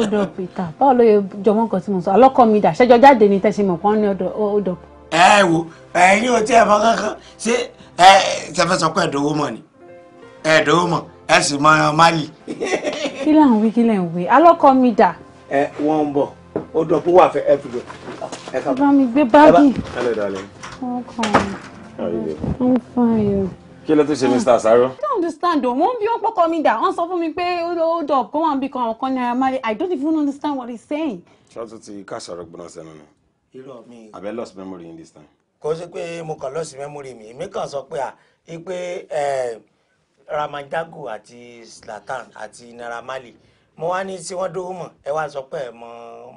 ódọ̀bù [LAUGHS] ìta báwo ló yẹ jọmọ nǹkan tí mo sọ ọlọ́kọ mi dà ṣẹjọ jáde ní tẹ̀sí mọ̀ pọ́n ní ódọ̀bù. ẹ ẹ wo ẹyin o tí ẹ bá kankan ṣé ẹ tẹfẹ sọ pé ẹdọwọ mọ ni ẹdọwọ mọ ẹ sì mọ ẹ má lì. kí là ń wí kí là ń wí alọ́kọ mi dà. ẹ wọ́n ń bọ̀ ódọ̀bù wà fẹ́ everywhere. ẹ bá mi gbé báàgì. ọkọ mi. I'm fine kí ló tún ṣe mr saro. i don't understand o wọn bí wọn pọkọ mi dà wọn sọ fún mi pé hold up Come wọn become kan ọkan naira mali i don't even understand what he's saying. ṣọ́ọ́tù ti káṣọ̀rọ̀ gbọ́dọ̀ sẹ́nu ni. irọ́ mi. abẹ́ lost memory in this time. kò sí pé mo kàn lost memory mi èmi kàn sọ pé à pé ramajago àti slatan àti naira mali mo wá ní tí wọ́n dówó mọ̀ ẹ wá sọ pé ẹ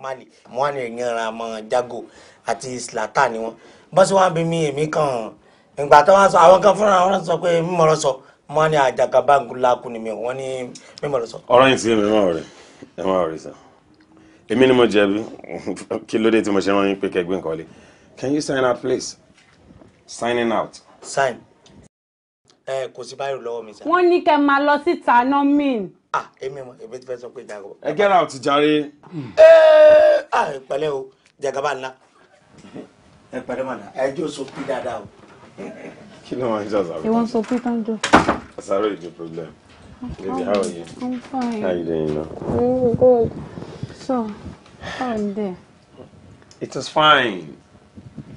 mali mo wá ní ìyẹn ramajago àti slatan ni wọ́n bọ́sí wọn bí mi èmi kàn ìgbà tó wá sọ àwọn kan fúnra wọn sọ pé mímọ̀rọ̀ sọ wọn ní àjàgàbáǹkù láàkú ni mi wọn ní mímọ̀rọ̀ sọ. ọ̀rọ̀ yìí sí mi máa rẹ̀ ẹ máa rẹ̀ sọ èmi ni mo jẹ̀bi [LAUGHS] kí ló tí mo ṣe rán yín pé kẹgbẹ́ nǹkan lé can you sign out please signing out. sign ẹ kò sí báyìí lọ́wọ́ mi sá. wọ́n ní kẹ́ máa lọ síta náà mìn. ah èmi mọ èmi ti fẹ́ sọ pé jàgàbá. ẹ get out jàre. ẹ ẹ pẹ̀lẹ́ o jàgàbá ńlá. ẹ pẹ̀lẹ́ mọ̀nà ẹ jó so pí dáadáa o. [LAUGHS] kí ló máa ń ṣàṣàrò. ìwọ sọ pé tánjọ. àṣàrò is the problem. baby how are you. i'm fine. how you doing now. i'm good. so how is there. it is fine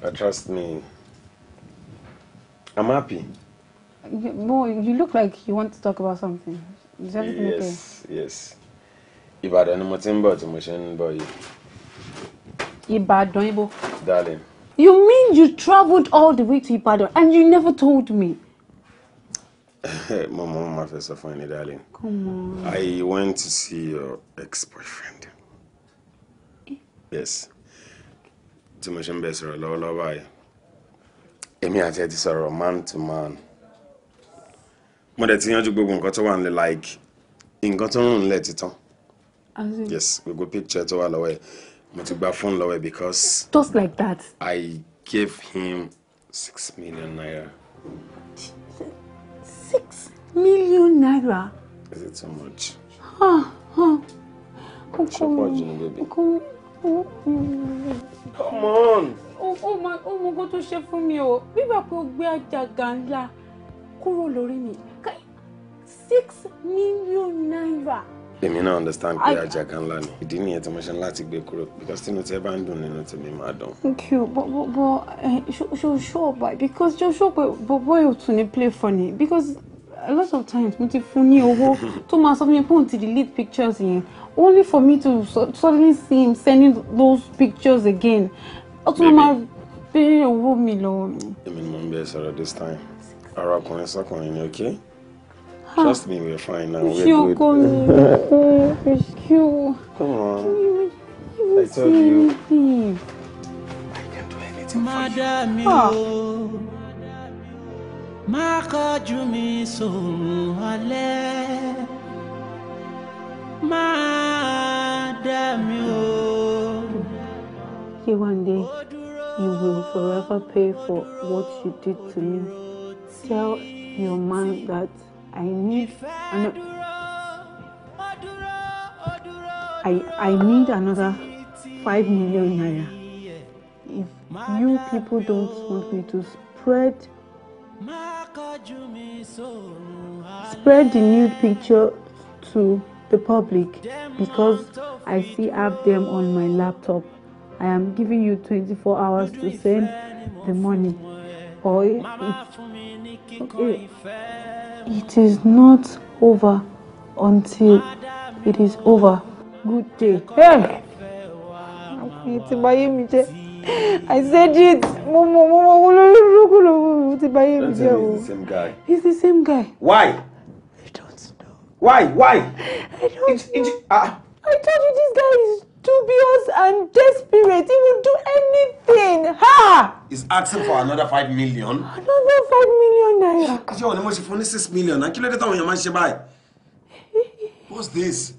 but trust me i'm happy. You, Mo, you look like you want to talk about something. Is everything yes, okay? Yes, yes. Ìbàdàn ni mo ti ń bọ̀ tí mo ṣe ń bọ̀ yìí. Ìbàdàn ibo. Darling. You mean you traveled all the way to Ibadan and you never told me? Eh, Mama, my first of all, darling. Come on. I went to see your ex-boyfriend. Yes. To mo ṣe ń bẹ I. lọ́wọ́lọ́wọ́ báyìí. Èmi àti ẹ man to man. Mo dẹ̀ ti yanjú gbogbo nǹkan tó like in tó ń rùn nílẹ̀ Yes, we go picture to wà lọ́wọ́ yẹn mo ti because. just like that. I gave him six million naira. Six million naira. Is it so much? Ah, ah. Come on. Oh my, oh my God, tó ṣe fún mi o. Bíbá pé o gbé àjàgà ńlá Six million naira èmi náà understand pé àjàgà ńlá ni ìdí nìyẹn tí mo ṣe ń láti gbé kúrò because tí inú tí ẹ bá ń dùn nínú tèmi máa dùn. thank you but but but eh, ṣo ṣo ọba because ṣo ṣo pé bọ́bọ́ yóò tún ní play funny because a lot of times mo ti fún ní owó [LAUGHS] tó máa sọ fún mi pé òun ti delete pictures yẹn only for me to suddenly see him sending those pictures again ó tún máa béèrè owó mi lọ́wọ́ mi. èmi ni mo ń bẹ sọ̀rọ̀ this time ọ̀rọ̀ ọkùnrin sọ́kùnrin ni okay. Trust me, we're fine now. We're good. [LAUGHS] Come on. I told you. I can do anything for you. Oh. Má kọjú mi sóòrùn alẹ́, má dá mi o. Ah. Yéwándé, you will forever pay for what you did to me. Tell your man that I need an- I, I need another five million naira. If you people don't want me to spread spread the new picture to the public because I see have them on my laptop. I am giving you 24 hours to send the money. Or if, if, It is not over until it is over. Good day. Hey! Ti bayé mi jẹ́. I said it. Mo mo mo mo wo lórí burúkú lòwú. Ti bayé mi jẹ́ o. the same guy. He's the same guy. Why? I don't know. Why? Why? I don't it, know. It, uh, I told you this guy is dubious and desperate. He will do anything. Ha! He's asking for another five million. Another five million naira. Ṣé òní mo ṣe fún ní six million? I ló dé táwọn èèyàn máa ń ṣe báyìí? What's this?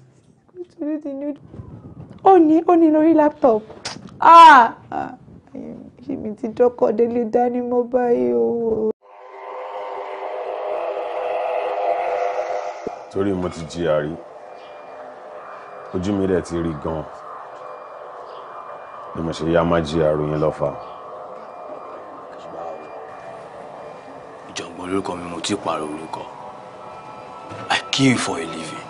Ó ní ó laptop. Ah! He mi ti dọ́kọ̀ délé dání Mobile. báyìí o? Torí mo ti jìyà rí, ojú mi rẹ̀ ti rí gan ni mo ṣe yá má jí àròyìn lọ́fà. ìjọ̀gbọ́n lórúkọ mi mo ti pààrọ̀ orúkọ I kill for a living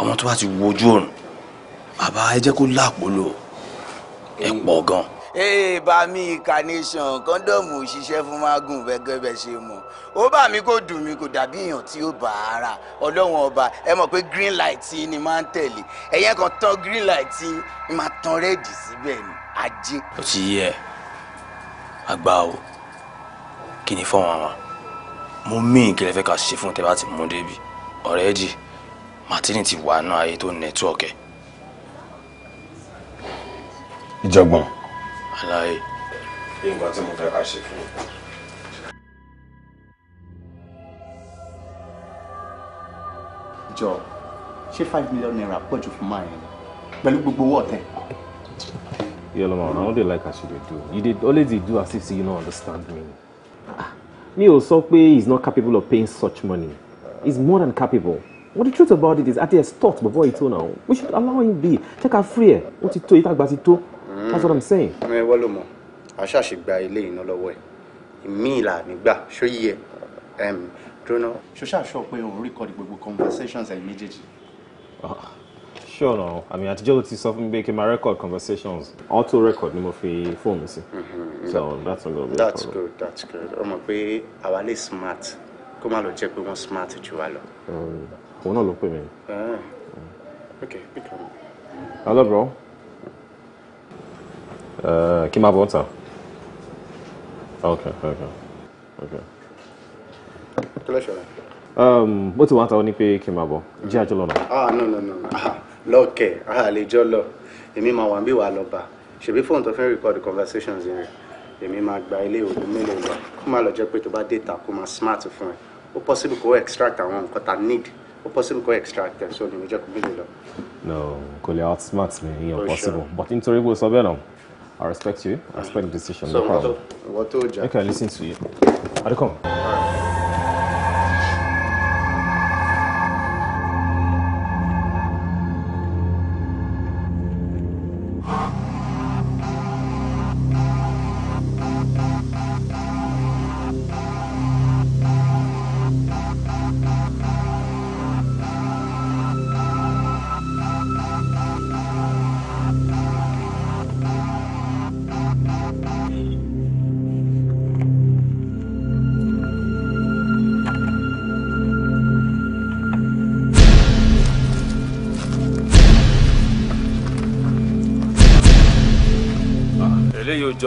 ọmọ tó bá ti wojú òrùn bàbá ẹ jẹ́ kó láàpọ̀ lò ẹ̀ pọ̀ gan-an ee bá mi carnation kọ́ńdọ̀mù òṣìṣẹ́ fún magun gẹ́gẹ́ bẹ́ẹ̀ ṣe mọ̀ ó bá mi kó dùn mí kò dàbí èèyàn tí ó bá ara ọlọ́run ọba ẹ mọ̀ pé green light ni máa ń tẹ̀lé ẹ̀yẹ́ kan tán green light ni máa tán rẹ́ẹ̀dì síbẹ̀ ni ajé. ó ti yẹ àgbà o kí ni fọ́ọ̀mù àwọn mo mí ìkẹlẹ fẹ́ ká ṣe fún tẹ́ ti mú débi ọ̀rẹ́dì martini ti wà náà ayé tó nẹ́tíwọ̀kẹ́. ìjọ̀gbọ̀n aláì. nǹkan tí mo fẹ́ ká ṣe fún mi. jọ ṣé five million naira pọ̀ jù fún máa yẹn pẹ̀lú gbogbo owó ọ̀tẹ̀. yẹ lọmọ ọ̀nà wọn dey like as you dey do you dey always dey do as if you no understand me. Ah, mi ò sọ pé he is not capable of paying such money he is more than capable. Well, the truth about it is, at the start before he told now, we should allow him be. Take a free. Ó ti tó, ìtagbà ti tó that's what i'm saying. ọmọ ẹ wọ́n ló mọ̀ àṣàṣe gba ilé iná lọ́wọ́ ẹ̀ ìmí ìlà nígbà ṣó yí ẹ dúró ṣoṣà sọ pé òun rìkọ́dì gbogbo conversations ẹ̀ méjèèjì. Ah, sure na àmì àtijọ́ ló ti sọ fún mi pé kí n máa record conversations auto record ni mo fi fóònù sí mm-hmm. so that's not gonna be that's good that's good ọmọ pé àwa lè smart kó má lọ jẹ́ pé wọ́n smart jù wá lọ. Um, òun náà ló pè mí. Ah. Mm. okay pick up. hello bro. Uh, kí n máa bọ̀ ọ̀tà. Okay, okay, okay. Kí ló ṣẹlẹ̀? Um, bó ti wá ta ọ ní pé kí n máa bọ̀, jẹ́ àjọ Ah, no, no, no, ah, lọ́ọ̀kẹ́, ah, a lè jọ lọ, èmi máa wà ń bí wàá lọ bá, ṣèbí record conversations yẹn, èmi máa gba ilé òòlù mélòó lọ, kó má lọ jẹ́ pé tó bá dé ìta kó máa smart fún ẹ, ó possible kó extract àwọn nǹkan ta need ó possible kó extract ẹ so ni mo jẹ́ kó mélòó lọ. No, kò lè outsmart mi, possible, but nítorí pé o I respect you. I respect the decision. So, no problem. What, what you? Okay, I listen to you. I'll come.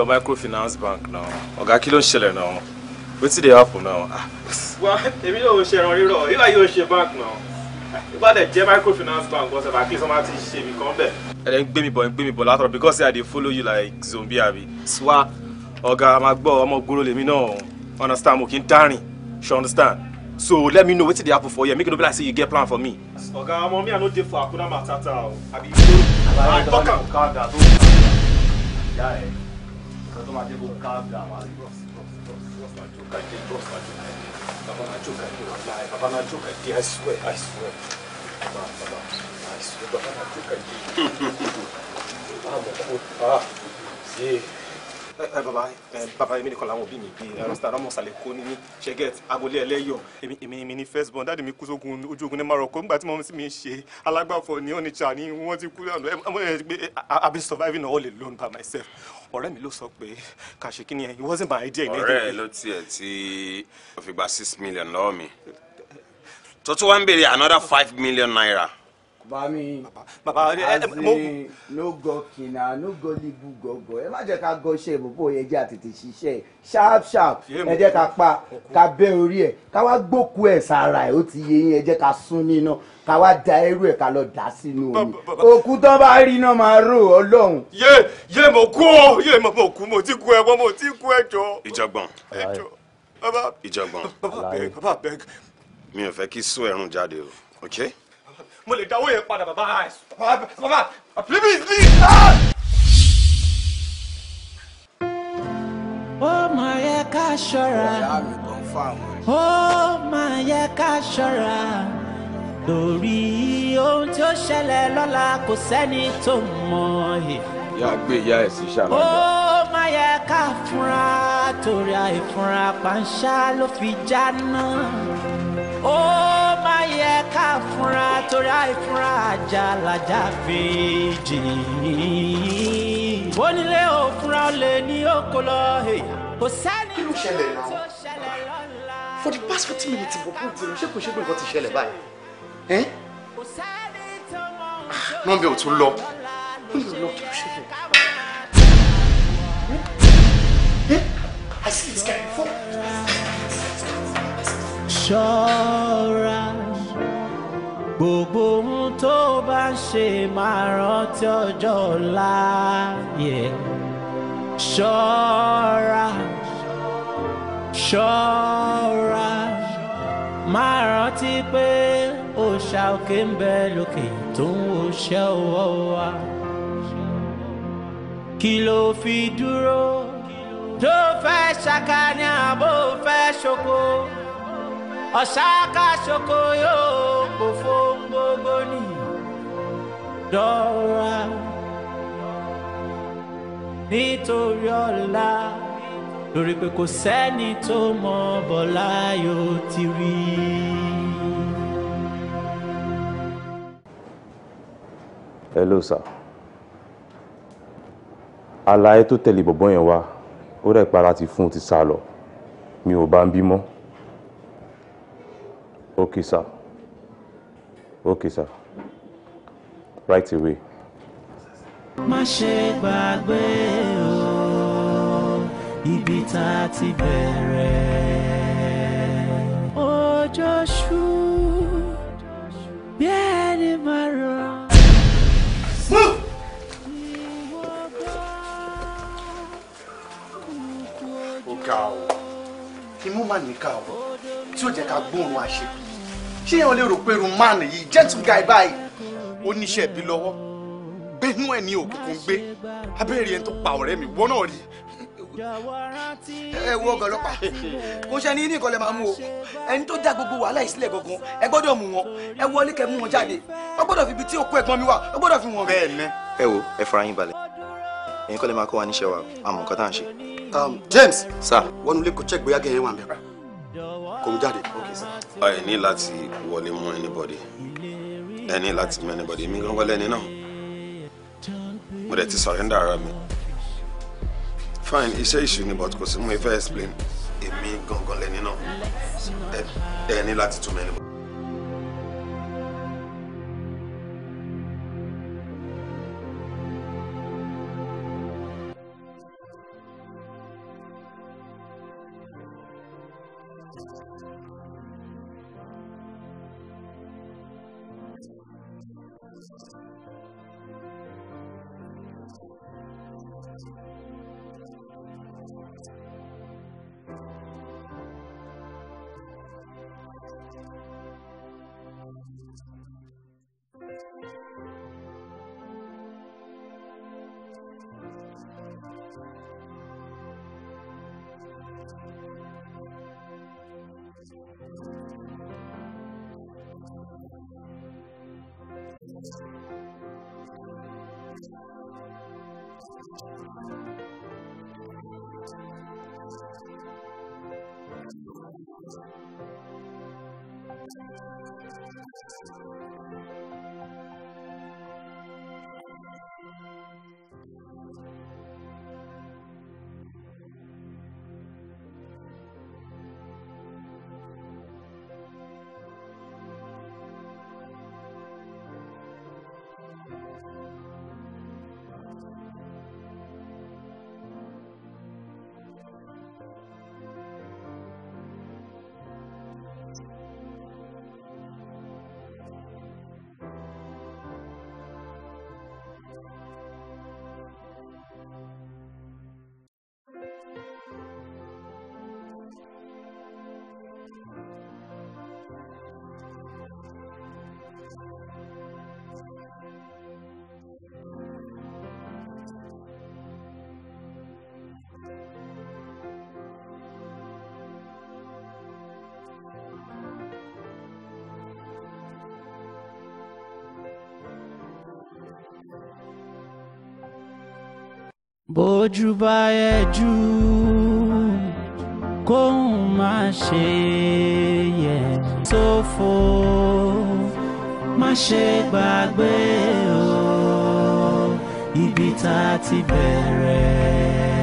lọ microfinance bank now. Oga kilo ló now. ṣẹlẹ̀ náà wetin happen now. wá èmi náà ò ṣe ẹran rírọ rírà yóò ṣe bank now. ìgbà the J microfinance bank ọ̀sẹ̀ bá kí sọ́mà ti ṣe mi kan bẹ̀. ẹ dẹ̀ ń gbé me bọ̀ because say i dey follow you like zombie abi swa ọ̀gá máa gbọ́ ọmọ gbòòrò lèmi náà understand mo kì í dárìn she understand so let me know wetin dey happen for you? make you no be like you get plan for me. Oga, mommy, i no dey for akuna matata o àbí you know i talk am tó máa jẹ́ kó ká bí àwọn àlejò bàbá náà mi bí Rasta Ramos Aleko ní ní Ṣẹ́gẹ́t Agolé Ẹlẹ́yọ̀ èmi èmi ní first born dáàdì mi kú sógun ojú ogun ní Morocco nígbà tí mo sì mi ṣe alágbàfọ̀ ní Onitsha ni wọ́n ti kú lánàá I'm been surviving all alone by myself ọ̀rẹ́ mi ló sọ pé kà kí ni it wasn't my idea. ọ̀rẹ́ ẹ ló tiẹ̀ tí o fi gba six million lọ́wọ́ mi tó tún wá ń béèrè another five million naira bá mi as in no go kina no go libu gọgọ ẹ má jẹ́ ká gọ iṣẹ́ ìbòbò yẹn jẹ́ àtètè ṣiṣẹ́ sharp sharp ẹ jẹ́ ká pa ká bẹ́ orí ẹ̀ ká wá gbókù ẹ̀ sára ẹ̀ ó ti yé yín ẹ jẹ́ ká sún níná ká wá da ẹrú ẹ̀ ká lọ dà sínú omi òkú tán bá rí iná máa rò ọlọ́run. yé yé mo kú ọ yé mo mo kú mo ti kú ẹ mo mo ti kú ẹ jọ. ìjàngbọ̀n ìjàngbọ̀n bàbá bẹ́ẹ̀ mi ò fẹ́ kí sún ẹ̀rùn jáde o mo lè dáwọ́ yẹn padà bàbá àìsàn. bàbá please please. ó máa yẹ ká ṣọ́ra ó máa yẹ ká ṣọ́ra lórí ohun tí ó ṣẹlẹ̀ lọ́la kò sẹ́ni tó mọ̀ ẹ́. yá gbé ìyá ẹ̀ sí ṣàlàyé. ó máa yẹ ká fúnra torí àìfúnra pàǹṣá ló fi já ó má yẹ ká fúnra torí àìfúnra àjà làjà fèjì. onílé ò fúnra olè ní òkò lọ kò sẹ́ni tó ṣẹlẹ̀ lọ́la. for the past fifteen minutes bò fún tèmi ṣé kò ṣe pé nǹkan ti ṣẹlẹ̀ báyìí. kò sẹ́ni tó mọ ohun ah, tó ṣẹlẹ̀ lọ́la. nọ́mbà ò tún lọ ó lè lọ kí ló ṣẹlẹ̀. I see this guy before ṣọ́ra gbogbo ohun tó bá ń ṣe máa rántí ọjọ́ ọ̀la yẹ ṣọ́ra ṣọ́ra máa rántí pé òòṣà òkè ń bẹ lókè tó ń wòṣẹ́ ọwọ́ wa kí ló fi dúró tó fẹ́ ṣàkà àbò fẹ́ ṣoko ọ̀sáká ṣokoyo kò fóun gbogbo ní dọ́ra nítorí ọ̀la lórí pé kò sẹ́ni tó mọ bọ́lá yóò ti rí. hello sir àlàyé tó tẹ̀lé bọ̀bọ́ yẹn wá ó rẹ̀ para ti fún un ti sá lọ mi ò bá ń bí Okay, sir. Okay, sir. Right away. Má ṣe gbàgbé o, ibi tá a ti bẹ̀rẹ̀. Òjò ṣú bí ẹni máa rọ̀. Ó ga o kí mú mà níkà o tí ò jẹ́ ká gbóòórùn àṣebí ṣé èèyàn lè rò pé irun man yìí gentle guy báyìí ó níṣẹ́ ẹ̀bí lọ́wọ́ gbẹ́nú ẹ̀ ní òkùnkùn gbé abẹ́rẹ́ ẹni tó pa ọ̀rẹ́ mi wọ́n rí ẹ wo ọgọ ọlọ́pàá kò ṣe ní ní ìkọlẹ máa mú o ẹni tó dá gbogbo wàhálà ìsílẹ̀ gangan ẹ gbọ́dọ̀ mú wọn ẹ wọlé kẹ́ mú wọn jáde ọ gbọ́dọ̀ fi ibi tí òkú ẹ̀gbọ́n mi wà ọ gbọ́dọ̀ fi wọn. bẹ́ẹ̀ ni ẹ wo ẹ fara yín balẹ̀ ẹ̀yin kọ́lẹ̀ máa kọ́ wa níṣẹ́ wa àmọ́ nǹkan tá à ń ṣe um, James. sir. wọnú ilé kò check bóyá gẹ̀yẹ́ wà ń bẹ̀rẹ̀ kò ń jáde. ẹ ní láti wọlé mú anybody ẹ ní láti mú anybody mi gan wọlé ẹni náà mo dẹ̀ ti surrender ara mi fine iṣẹ́ ìṣù ni but kò sí mú ife explain èmi gangan lẹni náà ẹ ní láti tún mú anybody. bójú bá ẹjú kóun má ṣe yẹ ṣòfò má ṣe gbàgbé o ibi tá a ti bẹ̀rẹ̀.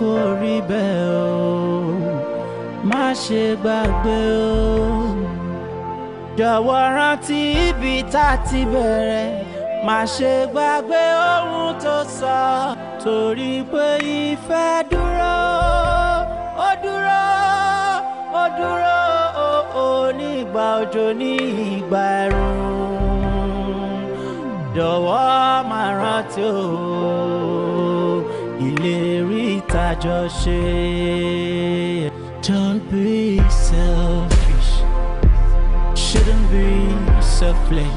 kó rí bẹ́ẹ̀ o má ṣe gbàgbé o jọ̀wọ́ rántí ibi tá a ti bẹ̀rẹ̀ má ṣe gbàgbé ohun tó sọ torí pé ìfẹ́ dúró ó dúró ó dúró ó ìgbà òjò ní ìgbà ẹ̀rùn jọ̀wọ́ má rántí o ilé. tájọ ṣe. Don't be selfish, shouldn't be selfless.